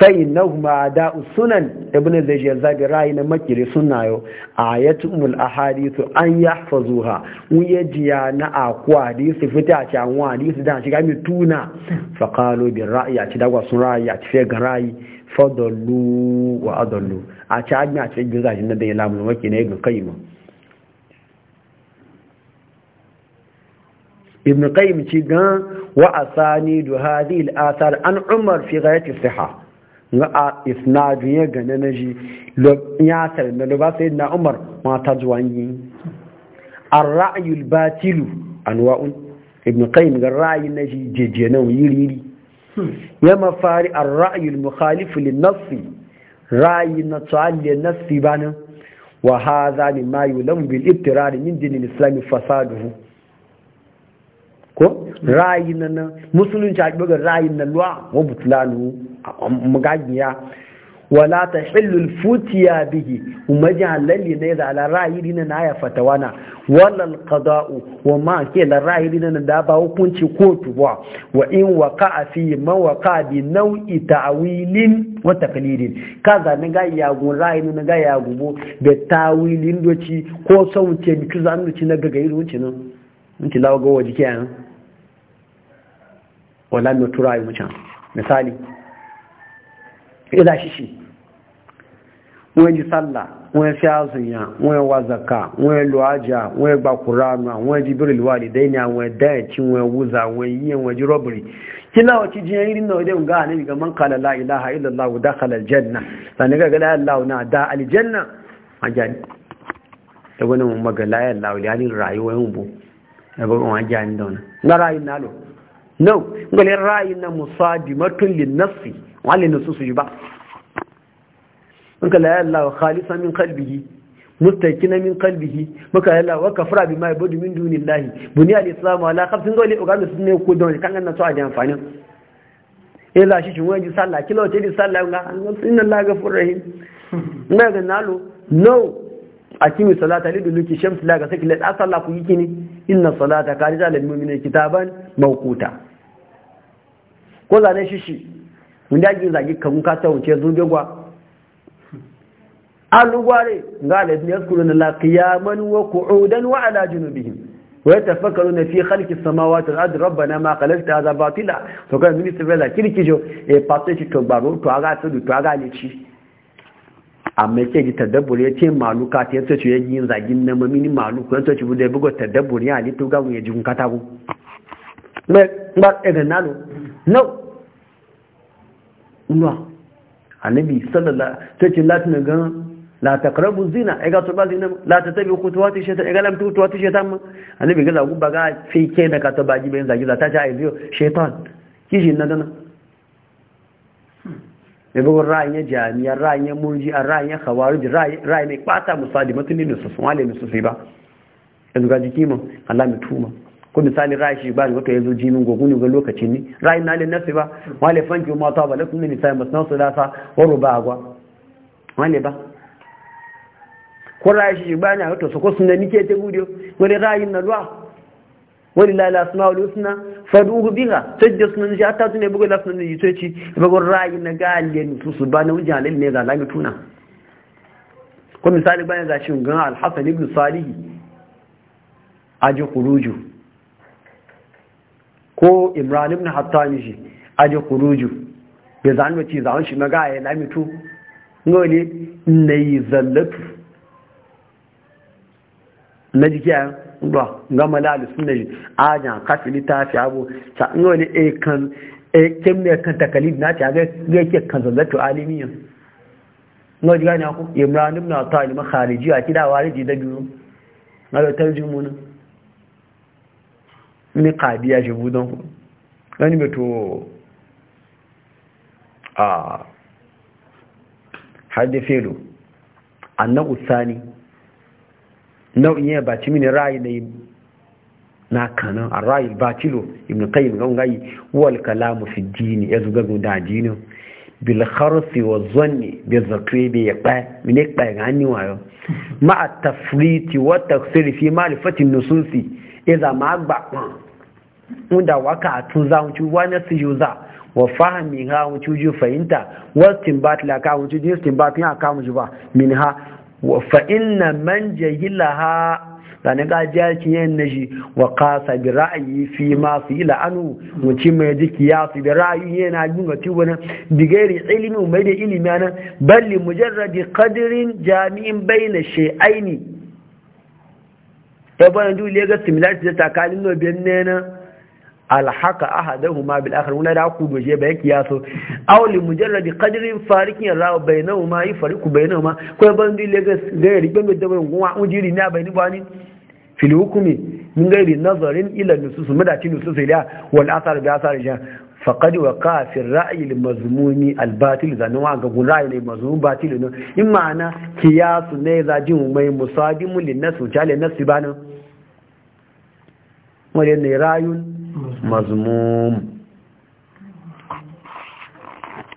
sai na kuma da sunan ibn zai zabi ra'ayi na makiri suna yau a ya tumul a hadisu an ya fazuha wuye jiya na aku hadisu fita ci an wa hadisu da shiga mai tuna fakalo bi ra'ayi a ci dagwa sun ra'ayi a ci fe ga ra'ayi fadallu wa adallu a ci hajji a ci gizajin na da ya lamu maki na ga kai ma ابن قيم تيغان واساني دو هذه الاثار عن عمر في غايه الصحه اسناد يغن نجي لو ياسر من لو سيدنا عمر ما تجواني الراي الباطل انواع ابن قيم قال راي نجي جيجينا ويريري يا مفاري الراي المخالف للنص راي نتعلي النص بانا وهذا ما يلوم بالابترار من دين الاسلام فساده ko na nan musulunci a ɗogar rayi nan luwa wa butulanu magajiya wala ta hillul futiya bihi umaji halalli na da ala ra'ayi na na ya wana. Wannan kaza'u wa ma ke rayi ra'ayi na da ba hukunci kotu ba wa in wa a fi ma ka bi naw'i ta'wilin wa taqlidin kaza na ga yagun rayi ra'ayi ga ya gubo da wilin doci ko sauce bi kuzan doci na gagayi doci nan ga waje kenan wala mai tura yi mucan misali ila shi shi wọ́n ji tsalla wọ́n fi àzùnyà wọ́n wà zaka wọ́n lọ ajá wọ́n gba wani wọ́n jí bírí lùwà lè dẹ́ni àwọn ẹ̀dá ẹ̀kí wọ́n wúza wọ́n yí wọ́n jí rọ́bìrì na náà ti jẹ́ na wajen ga gáà ga man kala la ilaha illallah da kala aljanna sani ga gada Allah na da aljanna jani da wani mun magala ya Allah ne rayuwa yin bu da ba mu ajani da wannan na rayu na lo no ngale rayi na musadimatun lin nafsi wale nasu su ba muka la yalla wa khalisan min qalbihi mustaqina min qalbihi muka yalla wa kafara bima yabudu min dunillahi buni al-islam ala khafsin ngale ugamu sunne ku don kan nan to a amfani eh za shi shin wani sallah kilo ce di sallah ga inna allaha ghafur rahim ina ga nalo no a kimi salata liduluki shams la ga sakila sallah ku yiki ne inna salata kanita lil mu'minina kitaban mawquta ko zane shi shi mun dagi zagi kan ka ta wuce zube gwa alugware ga la na la qiyaman wa qu'udan wa ala junubihim wa yatafakkaruna fi khalqi samawati wal ardi rabbana ma khalaqta hadha batila to kan da kirki jo. e pato ci to gbaro to aga to to aga ne ci amma ke ji tadabbur ya ce maluka ta yace ce yin zagin na mamini maluku yace ce bude bugo tadabbur ya ali to ga mu ya ji kun katago me ba e nalo no no annabi sallallahu tace latin gan la taqrabu zina ai ga tuba zina la tatabi khutuwati shaytan ai ga lam tuwati shaytan annabi ga zagu baga fike da ka tuba ji ben zagi za ta ce ai biyo shaytan kishi nan nan ne bugu ra'ayin jami'a ra'ayin murji'a ra'ayin khawarij ra'ayin kwata musadimatu ne su sun wale su sai ba yanzu ga jiki mu Allah mu tuma ko misali rai shi ba ni wato yazo jinin gogun ga lokacin ni rai na lin nafsi ba wale fanki ma ta ba lakum min nisa masna sulasa wa ruba agwa wale ba ko rai shi ba ni wato so ko sunna ke te gudiyo wale rai na lwa wani lala suna wani suna faruhu biha sai da suna nishi ta tuna bugu da suna nishi to ci bugu rayu na galiya na su ba na wujen halin ne ga lami tuna ko misali bayan zashin gan alhassan ibn salihi aji kuruju ko imran ibn hattami shi aje kuruju ya zanu ci zawon shi maga ya lamitu ngole nayi zallatu na jikiya ndo ngama lalu sunna ji aja kafili ta fi abu ta ngole e eh, kan e eh, kemme kan takalid na ta ga ga ke kan zallatu alimiyan ngole gani ko imran ibn hattami ma khariji a kida wariji da biyu ngalo tarjumuna Ni Kadiya a budon ku kú beto a hadde felo annan usani nau'in ba ci mini ra'ayi na na kanan a ra'ayi yi ibn qayyim ga ngai wal kalamu fi dini ya zuga da dinin bil kharsi wa zanni bi zakri bi yaqba min yaqba gani wayo ma at tafriti wa taksiri fi ma'rifati nususi idza ma agba. wanda waka tun za mu wani su yi za wa fahimi ha mu ju fahimta Wasu istinbat la ka mu ci ju ba ya ka mu ba min ha wa fa inna man ha sani ga jaki yin na shi wa kasa bi ra'ayi fi masu yi la'anu mutum mai jiki ya su bi ra'ayi yana yin wati wani digari ilimin mai da ilimi nan balli mujarradi kadirin jami'in bai na shai'aini ta bayan duk lega similarity da takalin nobin ne na alhaka ahadahuma bil akhar wala da ku doje bai kiyaso aw li mujarradi qadrin farikin rawa bainahuma yafariqu bainahuma ko bandi legas ga ribe mai da wani wa ujiri na bai ni bani fil hukmi min gairi nazarin ila nusus madati nusus ila wal athar bi athar ja faqad waqa fi ar-ra'yi al-mazmumi al-batil zanu wa ga gun ra'yi al-mazmum batil no in ma'ana kiyasu ne zajin mai musadimu lin nasu jale nasu bana wale ne rayun mazmum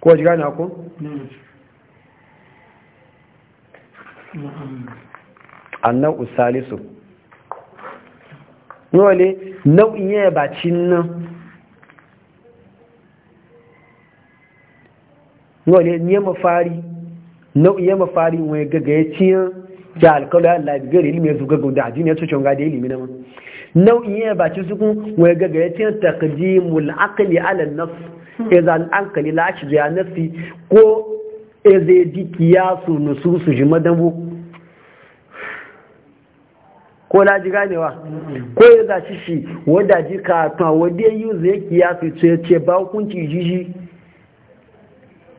ko ji gane ku? annan usalisu yole nau'in yaya bacin nan yole ne fari nau'in yaya mafari wani gagaya ciyan ya alkalu ya gari ilimin ya zuga gauda a jini ya tucin gada ilimin na man nau'in ya baki su kun wai gaga ya ce taqdimul aqli ala nafs hmm. idan an kali la shi ya nafsi ko eze di kiyasu nususu ji madabu ko la ji ganewa hmm. ko ya zaci shi wanda ji ka to wanda ya yuzu ya kiyasu ce ce ba hukunci jiji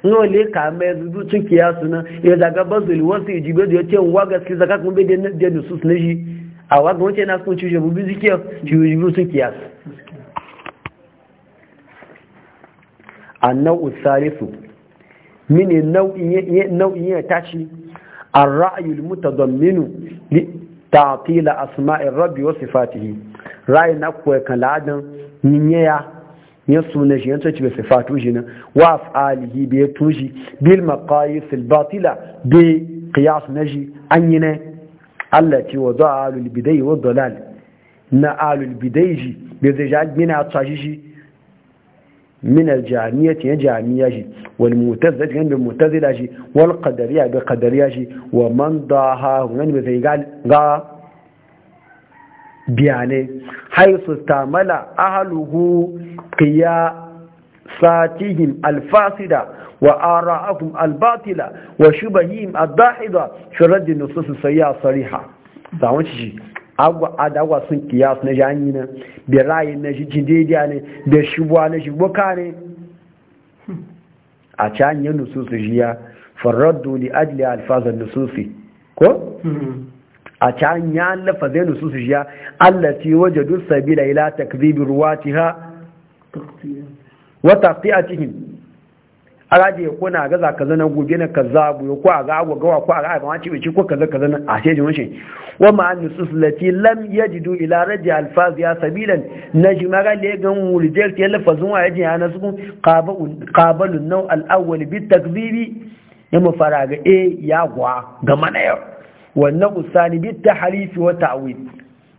no le ka mai rubutun kiyasu na ya zaga bazul wasu ijibe da ya ce wa gaske zaka kuma bai da nusus na shi a wadda wace na sun cije bubu zikiyar jiyoyi sun kiyas annan usarisu mini nau'in ya tashi a an ta a ta'tila asma'ir rabbi wasu fatihi ra'ayi na kuwa kan la'adun ninyaya ya suna shi yanzu ci su fatu shi nan wa af'alihi bai tushi bil makayi silbatila bai bi na shi an yi ne Allah ti wọ́n zọ́ àrùn ìbìdẹ̀ ìwọ́ dọ̀lán na àrùn ìbìdẹ̀ ìjì bí zai já gbínà tàṣí sí mínà jàmíyà tí yẹn jàmíyà sí wọ́n mọ̀tẹ́zẹ̀lá sí wọ́n kàdàríyà bí kàdàríyà sí wọ́n mọ́ ń dọ̀ ahàrùn ẹni وآراءكم الباطلة وشبههم الداحضة شرد النصوص السيئة الصريحة دعوان شيء adawa sun kiyas na jani na da rayin na shi jidediya ne da shibuwa na shi boka ne a can yi nususu jiya farraddu li ajli alfazan nususi ko a can ya lafazai nususu jiya allati wajadu sabila ila takzibi ruwatiha wa taqti'atihim araje ko na gaza kaza na gobe na kaza bu ko a ga agwa gawa ko a ga ba wace bici ko kaza kaza na a sai jimin shi wa ma an nusus lati lam yajidu ila raji alfaz ya sabilan najma ga le gan murjal ya lafazun wa yaji ana su qabalu naw al awwal bit takzibi ya mafara ga e ya gwa ga mana yau wannan usani bit tahrifi wa ta'wil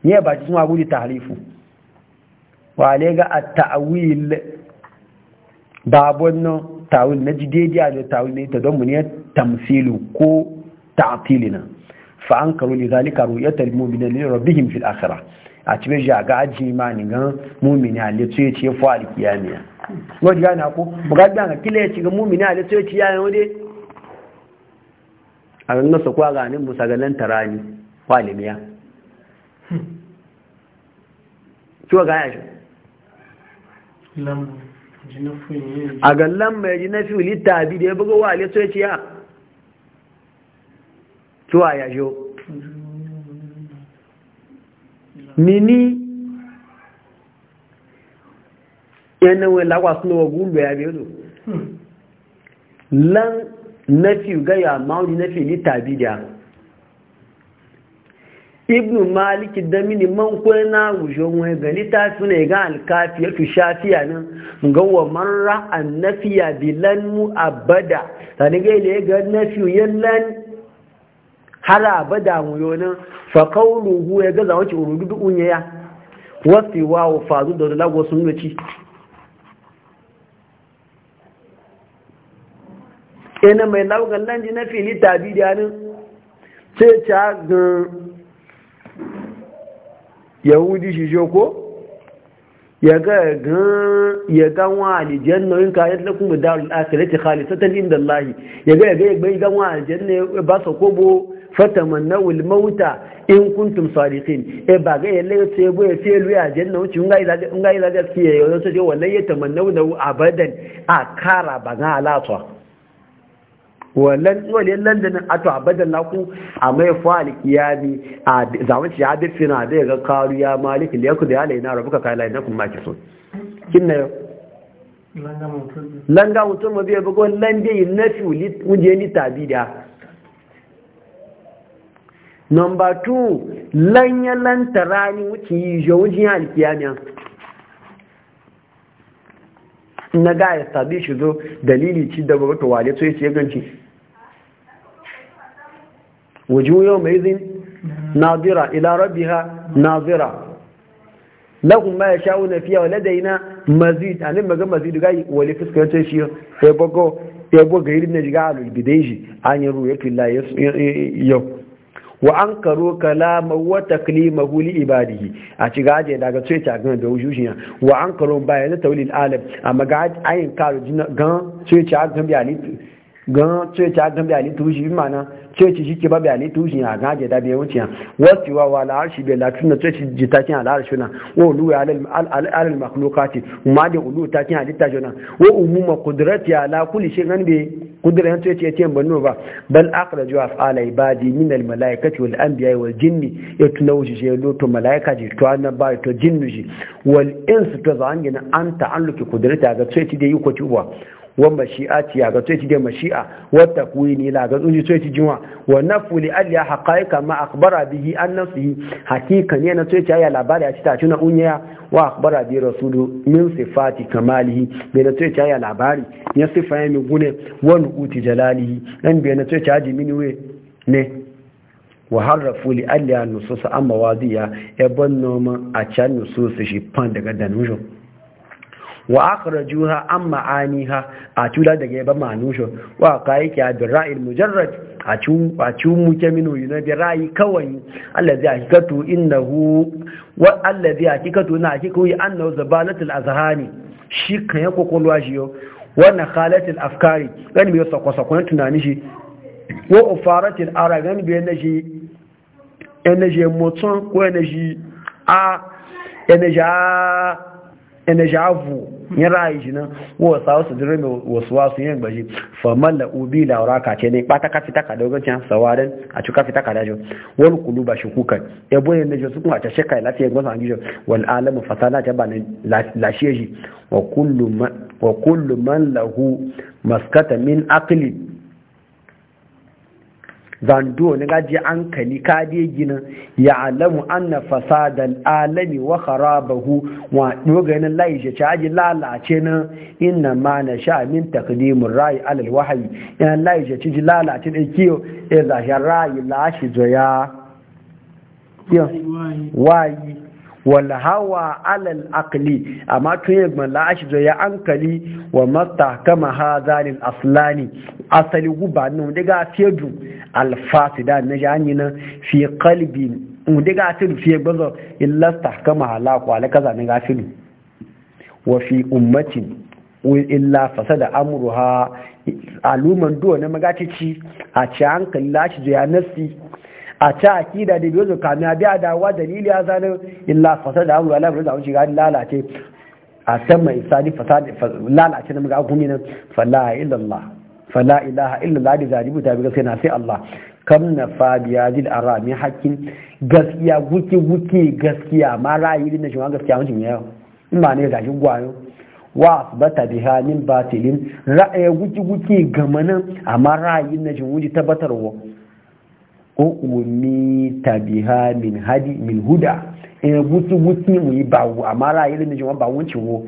ne ba ci abu da tahrifu wa le ga at ta'wil babun nan tawil na ji daidai a da tawil ne ta don mu ne tamsilu ko ta'tilina fa an karu ne zalika ru'yatal mu'mina li rabbihim fil akhirah a cibe a ga aji ma ni ga mu'mini ali sai ce fa al kiyamiya wadi gana ko mu ga kila ya ci ga mu'mini ali sai ce yayin wadda a nan nasa kuwa ga nan musa ga tara ne fa limiya kiwa ga ya shi a gallan mai ji na fi wulita abi da ya buga wa ale sai ciya tuwa ya jo mini yana wani lagwa suna wa gumbe ya biyu lan na fi gaya ma'auni na fi lita bi da Ibnu malik da mini man kwana wujon wani gani ta suna ga alkafiya tu shafiya nan ga wa marra nafiya bilan mu abada sani ga ile ga nafiyu yallan har abada mu yona fa hu ya ga zawaci urudu unyaya wasi wa du da lagu sun ci ina mai laugan lanji na fili tabi da nan sai ta gan yahudi shi ko ya ga ya ga wa aljanna in ka yadda kuma darul akhirati khalisatan inda Allah ya ga ya ga bai ga wa aljanna ba sa kobo fatamannaw mauta in kuntum sadiqin e ba ga yalle sai bo ya sai luya aljanna wuce in ga ila in ga ila gaskiya yau sai wallahi yatamannaw da abadan a kara ba ga alata wannan wallan london ato abadan naku a mai ya bi a zaman shi ya dafina da ga karu ya maliki da yaku da ya laina rabuka kai laina kun maki so kin na yau? langa mutum ma biya bugo lande yin nafi wuje ni da number 2 lanya lantarani wuce yi jo wuje alkiyami na ga ya sabi shi zo dalili ci da babu wale so yace ganci wujuhu yawma idhin nadira ila rabbiha nadira lahum ma yasha'una fiha wa ladaina mazid anin maga mazid ga wale fuskar ta shi sai bago sai bago gairin ne ga alul bidaiji shi an yi ruwa fillahi yau wa an karo kalama wa taklima huli ibadihi a ci gaje daga tsoye ta gan da wujushin wa an karo bayan tawlil alam a magajin ayin karo gan tsoye ta gan biya gan tsoci a gan biyali tushi bi mana tsoci shi ke ba biyali tushi a gan ajiyar biyar wuce wasu wa wa al'arshi bai latin da tsoci jitakin al'arshi na wa ulu ya alal makulokati ma da a takin halitta shi na wa umuma kudurati ala kuli shi gan bai kudurin tsoci ya ce ban ba bal akra da fa'ala ibadi min al malaikati wal anbiya wal jinni ya tuna wuce shi loto malaika to an ba to jinnu shi wal insu to zan gina an ta'alluki kudurati ga tsoci da yi ko ci wa mashi'ati ya ga to yace da mashi'a wa takwini la ga tsunji to yace jinwa wa nafu li al ya haqaiqa ma akhbara bihi an nafsihi hakika ne na to yace ya labari ya ci ta tuna unya wa akhbara bi rasulu min sifati kamalihi bai na to yace ya labari ya sifa ya mi gune wa nuti jalalihi dan bai na to yace haji mini we ne wa harrafu li al ya nusus amma wadiya e ban noma a can nusus shi pan daga danujum wa akhrajuha amma aniha a tula daga yaba manusho wa ki bi ra'il mujarrad a cu a cu muke minu yuna bi ra'i kawai allazi hakikatu innahu wa allazi hakikatu na hakiku annahu zabalatul azhani shi kan ya kokolwa shi yo wa khalatul afkari dan biyo sako sako tunani shi wa ufaratul ara gani biyo na shi energy motson ko energy a energy energy avu yin ra'ayi shi nan wasa wasu dire mai wasu wasu yin gbaji famar la ubi la ka ce ne ɓata ka fita ka dogon sawarin a ci ka fita ka wani kulu ba shi kuka Ya boye ne su kuma ta sheka la ta gosa angijo wal alamu fatana ta bana ta sheji wa kullu man wa kullum man lahu maskata min aklin zando na gaji an kali kade ginin ya alamu anna fasadan alami wa kharabahu wa doganin layi shi caji lalace na inna ma na sha min taqdimur ra'i alal wahayi yan layi shi caji lalace da kiyo ya e zahi rayi lashi zoya wai wal hawa alal aqli amma tun ya gban la'ashi da ya ankali wa matahkama hadhal aslani asali guba nan daga fedu al fasida na jani na fi qalbi daga fedu fi gbanzo illa tahkama halaku ala kaza ne ga fedu wa fi ummatin illa fasada amruha aluman duwa na magacici a ci hankali lashe zuwa ya nasi a ta akida da biyo kami a biya dawa dalili ya zane illa fasad da amurwa labarin da wuce gani lalace a san mai sani lalace na muka gumi nan falla illa falla ilaha illallah da zalibu ta bi gaskiya na sai Allah kam na fabiya zil arami hakkin gaskiya wuki wuki gaskiya ma ra'ayi na shi ma gaskiya mutum ya yau in ba ne gashi gwayo wa asbata biha min batilin ra'ayi wuki wuki gamanan amma ra'ayi na shi wuji tabbatarwa tabi tabiha min hadi min huda in gutu gutu mu yi bawo amma ra yi ne jima bawon wo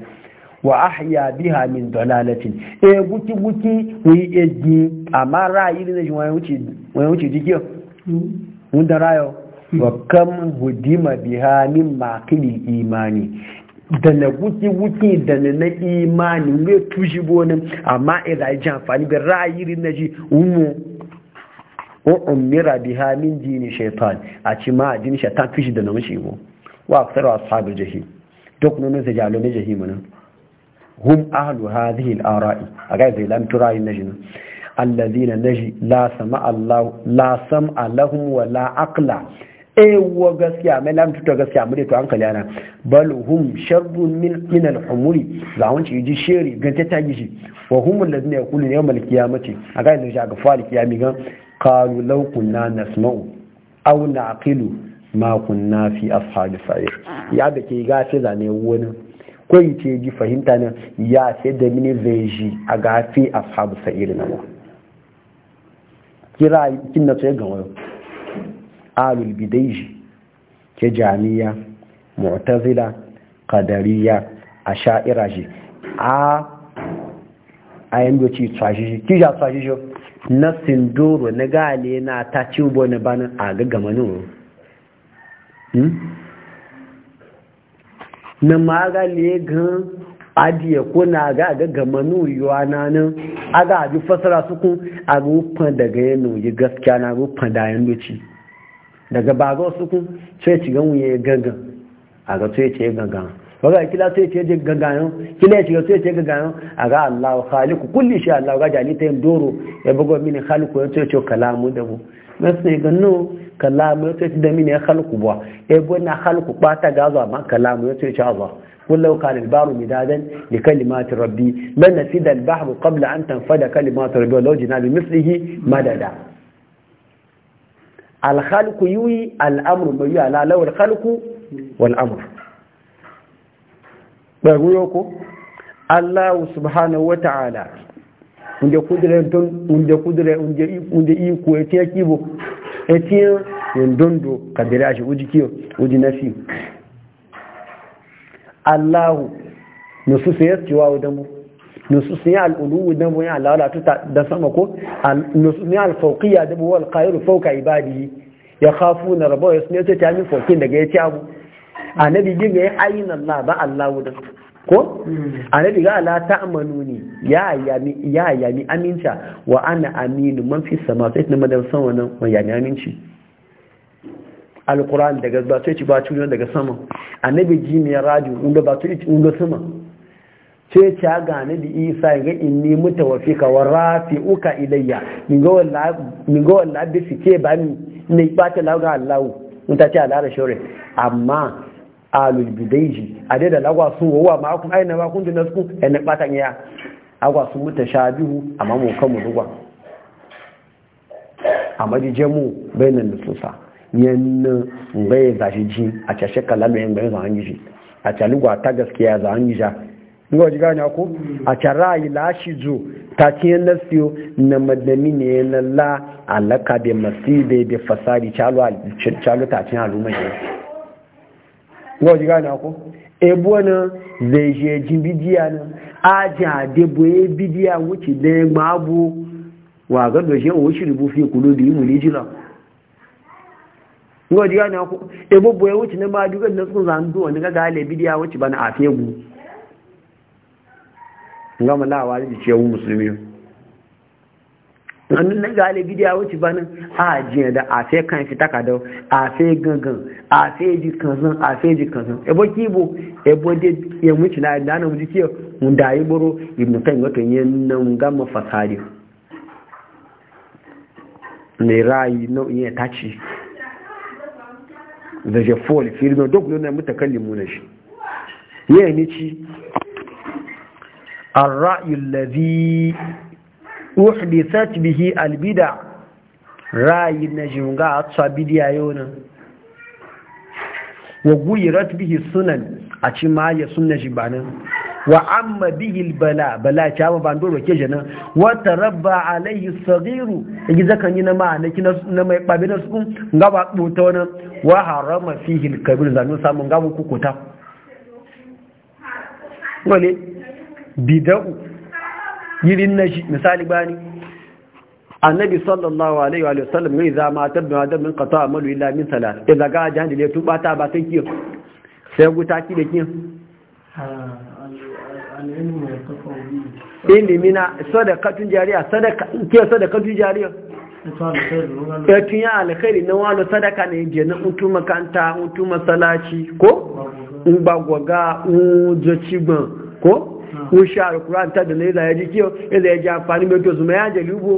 wa ahya biha min dalalatin e gutu gutu mu yi eji amma ra yi ne jima wuci wani wuce jikiyo hmm. mun da rayo hmm. wa kam hudima biha min maqili imani da na guti guti da na na imani mai tushi bonin amma idan ji amfani bi ra'ayi na ji umu o umira biha min jini shaitan a ci ma a jini shaitan fishi da namiji mu wa aksar wa ashabul jahi duk nuna su jalo na jahi mana. hum ahlu hadhihi al-ara'i a ga zai lam na. najin allazina naji la sama allah la sam alahum wa la aqla ewa gaskiya mai lamtu ta gaskiya mu to hankali ana bal hum sharbun min min al humuri za won ci ji sheri ganta ta gishi wa hum alladhina yaquluna yawm al qiyamati aga yin shi aga fal qiyami gan qalu kunna nasma'u aw na'qilu ma kunna fi ashabi sa'ir ya da ke ga sai zane wani ko ce ji fahimta na ya sai da mini zai a gafi ashabu sa'ir nan kira kin na tsaye ga wayo alul bidaiji ke jami'a mu'tazila qadariya asha'ira ji a ayan goci tsashi ki ja tsashi na sindoro na gali na ta cibo na banin a gaggamanin hmm? na magale gan adiye ko na ga gaggamanin yiwa na nan a ga abi fasara suku a rufin daga yano yi gaskiya na rufin da yan doci daga bago suku sai ci gan wuye gaggan a ga sai ce gangan kaga kila sai ce je gagayon kila ce sai ce gagayon aga Allah khaliq kulli shay Allah ga jani tayin doro ya bugo mini khaliq ya ce kalamu da bu nasu ne ganno kalamu ya ce da mini ya khaliq ba. ya e bu na khaliq ba ta gazo amma kalamu ya ce cha Allah kullu kana albar midadan li kalimati rabbi man nasida albahr qabla an tanfada kalimati rabbi law jina bi mislihi madada al khaliq yuwi al amru bi ala law al khaliq wal amru ɓaruyo ko allahu subhanahu wa ta'ala unde kudire don unde kudire yi ko iko akibo kibo en dondo kadira shi uji kiyo uji nafi allahu nusu sai yaciwa wadanmu nusu sun yi al'uluwu don ya Allah la tuta da sama ko nusu sun yi alfauƙiya da buwal ƙayiru fauka ibadi ya khafuna na rabo ya sun ta min fokin daga ya ci abu annabi gin yayi ayin na ba Allah wuda ko hmm. annabi ga ala ta amanu ya yami ya yami aminta wa ana aminu man fi sama sai na madan san wannan wa yami aminci alquran daga ba sai ci ba tuniyo daga sama annabi ji ne radio inda ba ci inda sama sai ci ga annabi Isa ga inni mutawaffika wa rafi'uka ilayya min ga wallahi min ga wallahi bi fike ba ni ne ba ta lawa Allah in ta ce alara shore amma alul bidaiji a dai da lagwa sun wowa ma kun aina ba kun dinas kun ɗan ɓatan ya agwa sun muta sha biyu amma mu mu dugwa a majijen mu bai nan da sosa yana bai zashi ji a cashe kalamiyan yan bai zan a caligwa ta gaskiya zan ngo ji na ko a yi lashi zo ta ce na siyo na madami ne na la alaka da masu bi da fasari calo ta cin mai ne ngo ji gane ko e bona zai je jin bidiya na aja de ya e bidiya wuce da mabu wa gado do je o rubu fi yi mu jina ngo ji gane ko e ya boye wuce na ma dugan na sun zandu wani ga gale bidiya wuce bana afegu gama lawa da ce yawon musulmi hannun na gale gidiya wuce ba nan a jiya da a sai kan fita ka da a sai gangan a sai ji kanzan a sai ji kanzan ebo kibo ebo de ya muci na da na muci kiyo mun da yi boro ibn kan wato yin nan gama fasari ne rayi nau'in ya taci da jefol filin duk na mutakallimu na shi yayin ni ci الرأي الذي أحدثت به البدع رأي النجم قاعد صابدي عيونا وغيرت به السنن أتي ما يسن نجبانا وعم به البلاء بلاء كاما باندور وكيجنا وتربى عليه الصغير إذا كان نينا ما نكي نما بابنا سكون غبا بوتونا وحرم فيه الكبير زانو سامو غبو كوكوتا ولي bida'u yirin na shi misali bani annabi sallallahu alaihi wa sallam ne za ma da ma dabin qata amalu illa min salat idan ga jahannam ne tuba ta ba sai kiyo sai guta ki da kiyo ilimina sadaqatun jariya sadaka ke sadaqatun jariya e ya alkhairi na wani sadaka ne je na mutu makanta mutu masalaci ko in ba gwaga mu je cigban ko ko shi alkuran ta da laila ya ji kiyo ila ya ji amfani mai tozu mai yaje lubo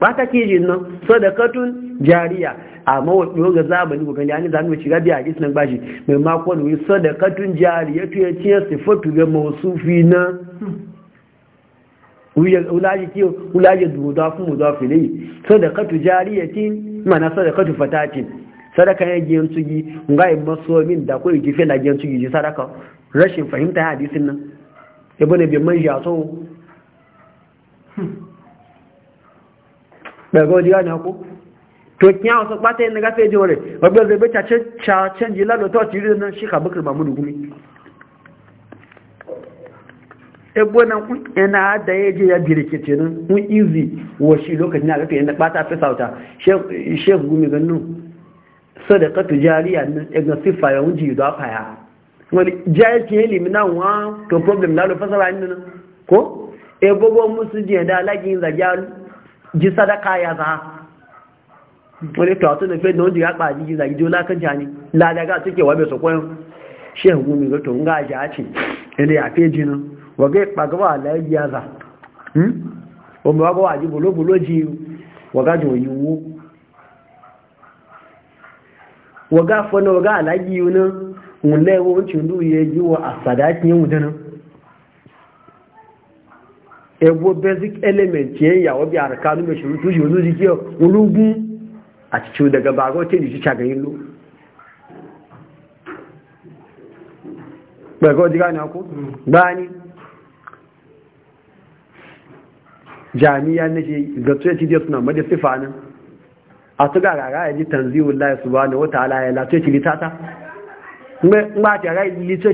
ba ta ke jin nan sadakatun jariya amma wasu yau ga zamani ko gani an zanuwa shiga biya hadis nan bashi mai makon wani sadakatun jariya to ya ce sifatu ga mausufi na ulaji kiyo ulaji duda fun mudafi ne sadakatu jariyatin mana sadakatu fatatin sadaka ya giyan tugi ngai maso min da ko yi gife da giyan tugi ji sadaka rashin fahimta hadisin nan ya bane bin man shato daga wajen gani haku to kiya wasu bata yin gafe ya jiware wajen zai bai cacen jila da ta wace yi nan shi ka bakar ba mudu gumi ebo nan yana da ya je ya birkice nan kun izi wa shi lokacin ya gafe yana bata fi sauta shek gumi gannu sadaka tujariya nan ya ga siffa ya wuce yi da faya wani jayyaci ya limina wa to problem na lo fasara ni nan ko e gogo musu je da lagi za ja ji sadaka ya za wani to to na fe don ji akpa ji za ji ola kan jani la daga suke wa be so koyo shehu gumi ga to nga ja ci ele ya fe ji nan wa ga pa ga wa la ya za hmm? o mo ga ji bolo bolo ji wa ga jo yi wo wa ga fo na wa ga lagi yi nan wule wancin du ya yi wa a sadakin yin wujanin ebo basic element ya yi yawon biya da kanu mai shirutu shi wani jikiyar wulugun a cikin daga bago ce da shi shagayin lo ga ji mm. gani ako ni jami'a na shi ga ya ci dai suna mada sifanin a tuga rara ya ji tanziwun laye su ba na wata ala ya lato litata ngba a ara ili to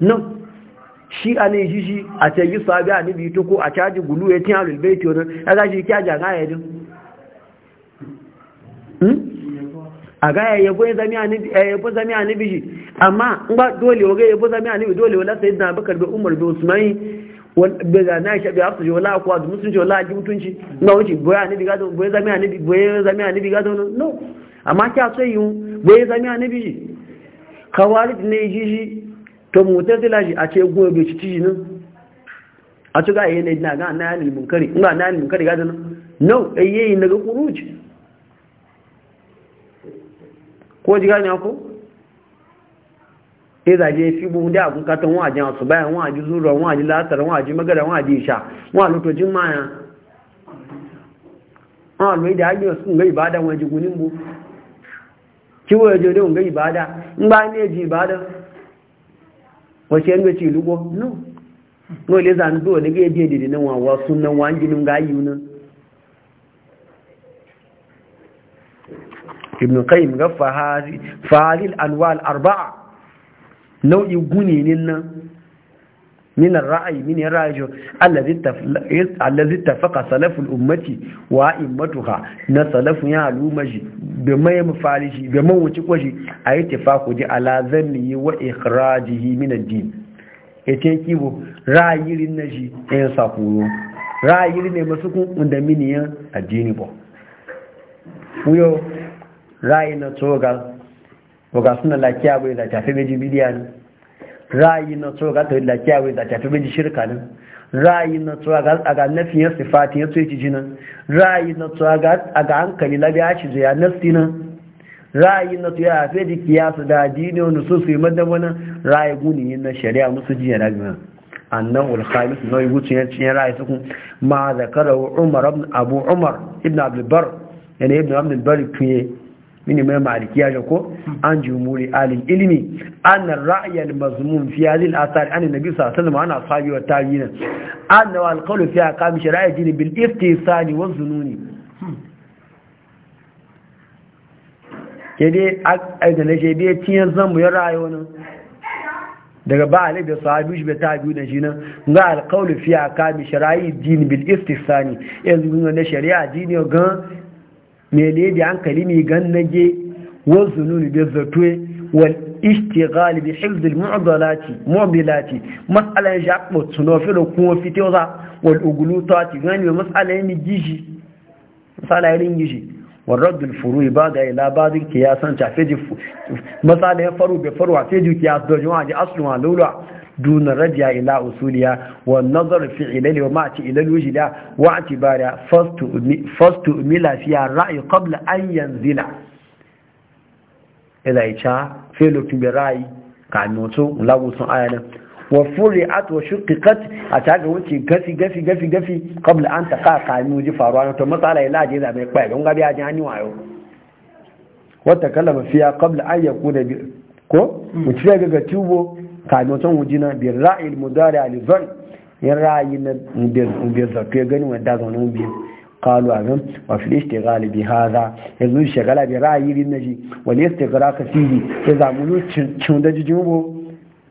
no shi a ne a ce yi sabi a nibi to ko a caji gulu ya tiya lulbe ti wani a ga shi kyaja ga hmm? ya din a ga ya yabo zami a nibi amma ngba dole eh, wa yabo zami a nibi dole wala sai na bakar bai umar bai usmani bai na hafsu ji wala akwa da mutunci wala aji mutunci ngba wuce boye a nibi gado boye zami a nibi a gado no so yi boye zami a nibi kawarij ne jiji to mutazila ji a ce goyo bai ci nan a ci ga yi ne na ga na yanin munkari in na yanin munkari ga nan no ayye yi na ga kuruci ko ji gani ko e zaje fi bu da kun katon wajen su bayan wa ji wajen zuwa wajen latar ji magara wa ji sha wa wajen lokacin maya wajen da hanyar sun ga ibadan wajen gunin bu kiwo ya jode unga ibada in ba ne ji ibada wace yan gaci lugo no no le zan do ne ga je dide nan wawa sunan wanjinin ga yi nan ibn qayyim ga arba'a nau'i من الرأي من الرأي الذي اتفق سلف الأمة وإمتها نسلف يعلومج بما يمفالج بما وتقوج أي اتفاق دي على ذنه وإخراجه من الدين ete kiwo ra'ayirin naji ɗayan sakuro ra'ayirin ne masu kun da miniyan addini ba wuyo ra'ayi na tsoga ga suna lafiya bai da tafi meji biliyan ra'ayi na tsoron ga tawilla kiyawai da ta ji shirka nan ra'ayi na tsoron ga a ga nafiyan sifatin ya tsoye ji nan ra'ayi na tsoron ga a ga hankali na ya shi zuya nasti nan ra'ayi na tsoron ya fi da kiyasu da adini wani su su yi madawana ra'ayi guni yin na shari'a musu jiya da gina annan ulhamis na yi gutsun yanci yan ra'ayi sukun ma zakarar umar abu umar ibn abdulbar yana ibn abdulbar kuye mini mai malikiya da ko an jumuri alil ilimi an ra'ayar mazmun fi hadhihi al-athar an nabi sallallahu alaihi wasallam ana sabi wa tabiina an wa al-qawl fi aqam shara'i din bil iftisani wa zununi kede ai da ne dai tiyan zambu ya rayuwa nan daga ba alibi sahabi shi bai tabi da shi nan ga alqawl fi aqam shara'i din bil iftisani yanzu ne shari'a dini ga mele da hankali mai gan nage wal zununi bi zatwe wal ishtighal bi hifz al mu'dalati mu'bilati mas'ala ya ko tuno fi lo kuma fitoza wal ugulutati gani mas'ala ni gishi mas'ala yi gishi wal radd al furu ibada ila labarin kiyasan ta fi mas'ala ya faru bi faru a fi kiyas do jama'a aslu ma lawla دون رجع إلى أصولها والنظر في علل وما إلى الوجل واعتبارها فاستؤمل فيها الرأي قبل أن ينزل إلى إيشا في لكم برأي كعنوتو لا وصن آيانا وفرعت وشققت أتاك وتي غفي غفي غفي غفي قبل أن تقع قائم كعنوجي فاروانا تمت على إلاجي إذا ما يقبل ونغبي أجاني وعيو وتكلم فيها قبل أن يكون ko mu ci daga ga tubo kamoton wujina bi da mudari alizan ya ra'ayi na biyar zato ya gani wadda zaune biyu kalu a zan wafi da ishte gali bi haza ya zuci shagala bi ra'ayi rin na ji wani ya ta gara ka fili ya yi cin da jijin bo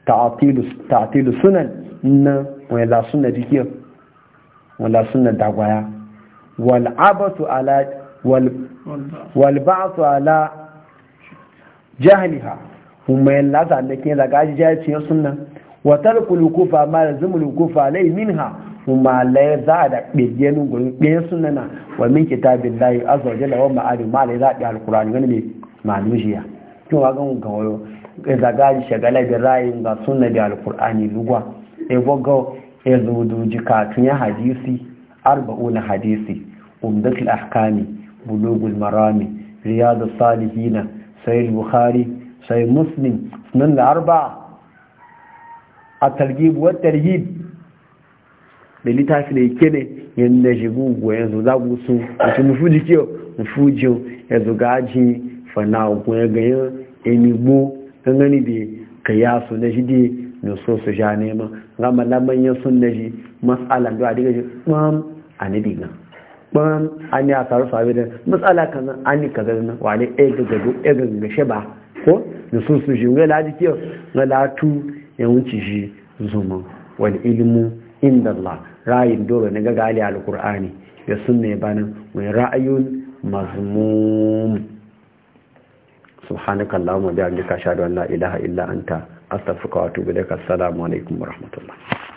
ta'atilu sunan na wani lasun na jikiya wani lasun na dagwaya wal'abatu ala walba'atu ala jahiliha kuma yin lasa da ke zaga ciyar suna watar kulukufa ma da zumul kufa lai ha? kuma lai za a da ɓirgen gurin ɗaya sunana wa min bin layi a zoje da wa ma'ari ma lai za da alkurani wani mai malujiya kin wa gan ga wayo zaga shagala da rayin ga suna da alkurani lugwa gwaggo ya zudu zuduji katun ya hadisi arba'una hadisi umdatul ahkami bulugul marami Riyadu salihina sahih bukhari sai muslim sunan larba a talgib wa targib da litafi da yake ne yadda shigugu yanzu zo zagu su wasu mufuji kiyo mufuji yanzu gaji fana kuma ganyen enigbo gangani da kayasu na shi da na so su sha nema ga malaman yin sun na shi matsala da adiga shi kwan a ni diga kwan an ya faru faru da matsala kan an ni kaza na wani ɗaya gaggado ɗaya ba ko da sun su shi ngala jike na latu ya wuce shi zuma wani ilmu inda Allah ra'ayin dole na gagali alqur'ani da sunna ya bana wani ra'ayun mazmum subhanakallahumma bihamdika ashhadu an la ilaha illa anta astaghfiruka wa atubu ilaik assalamu alaikum wa rahmatullah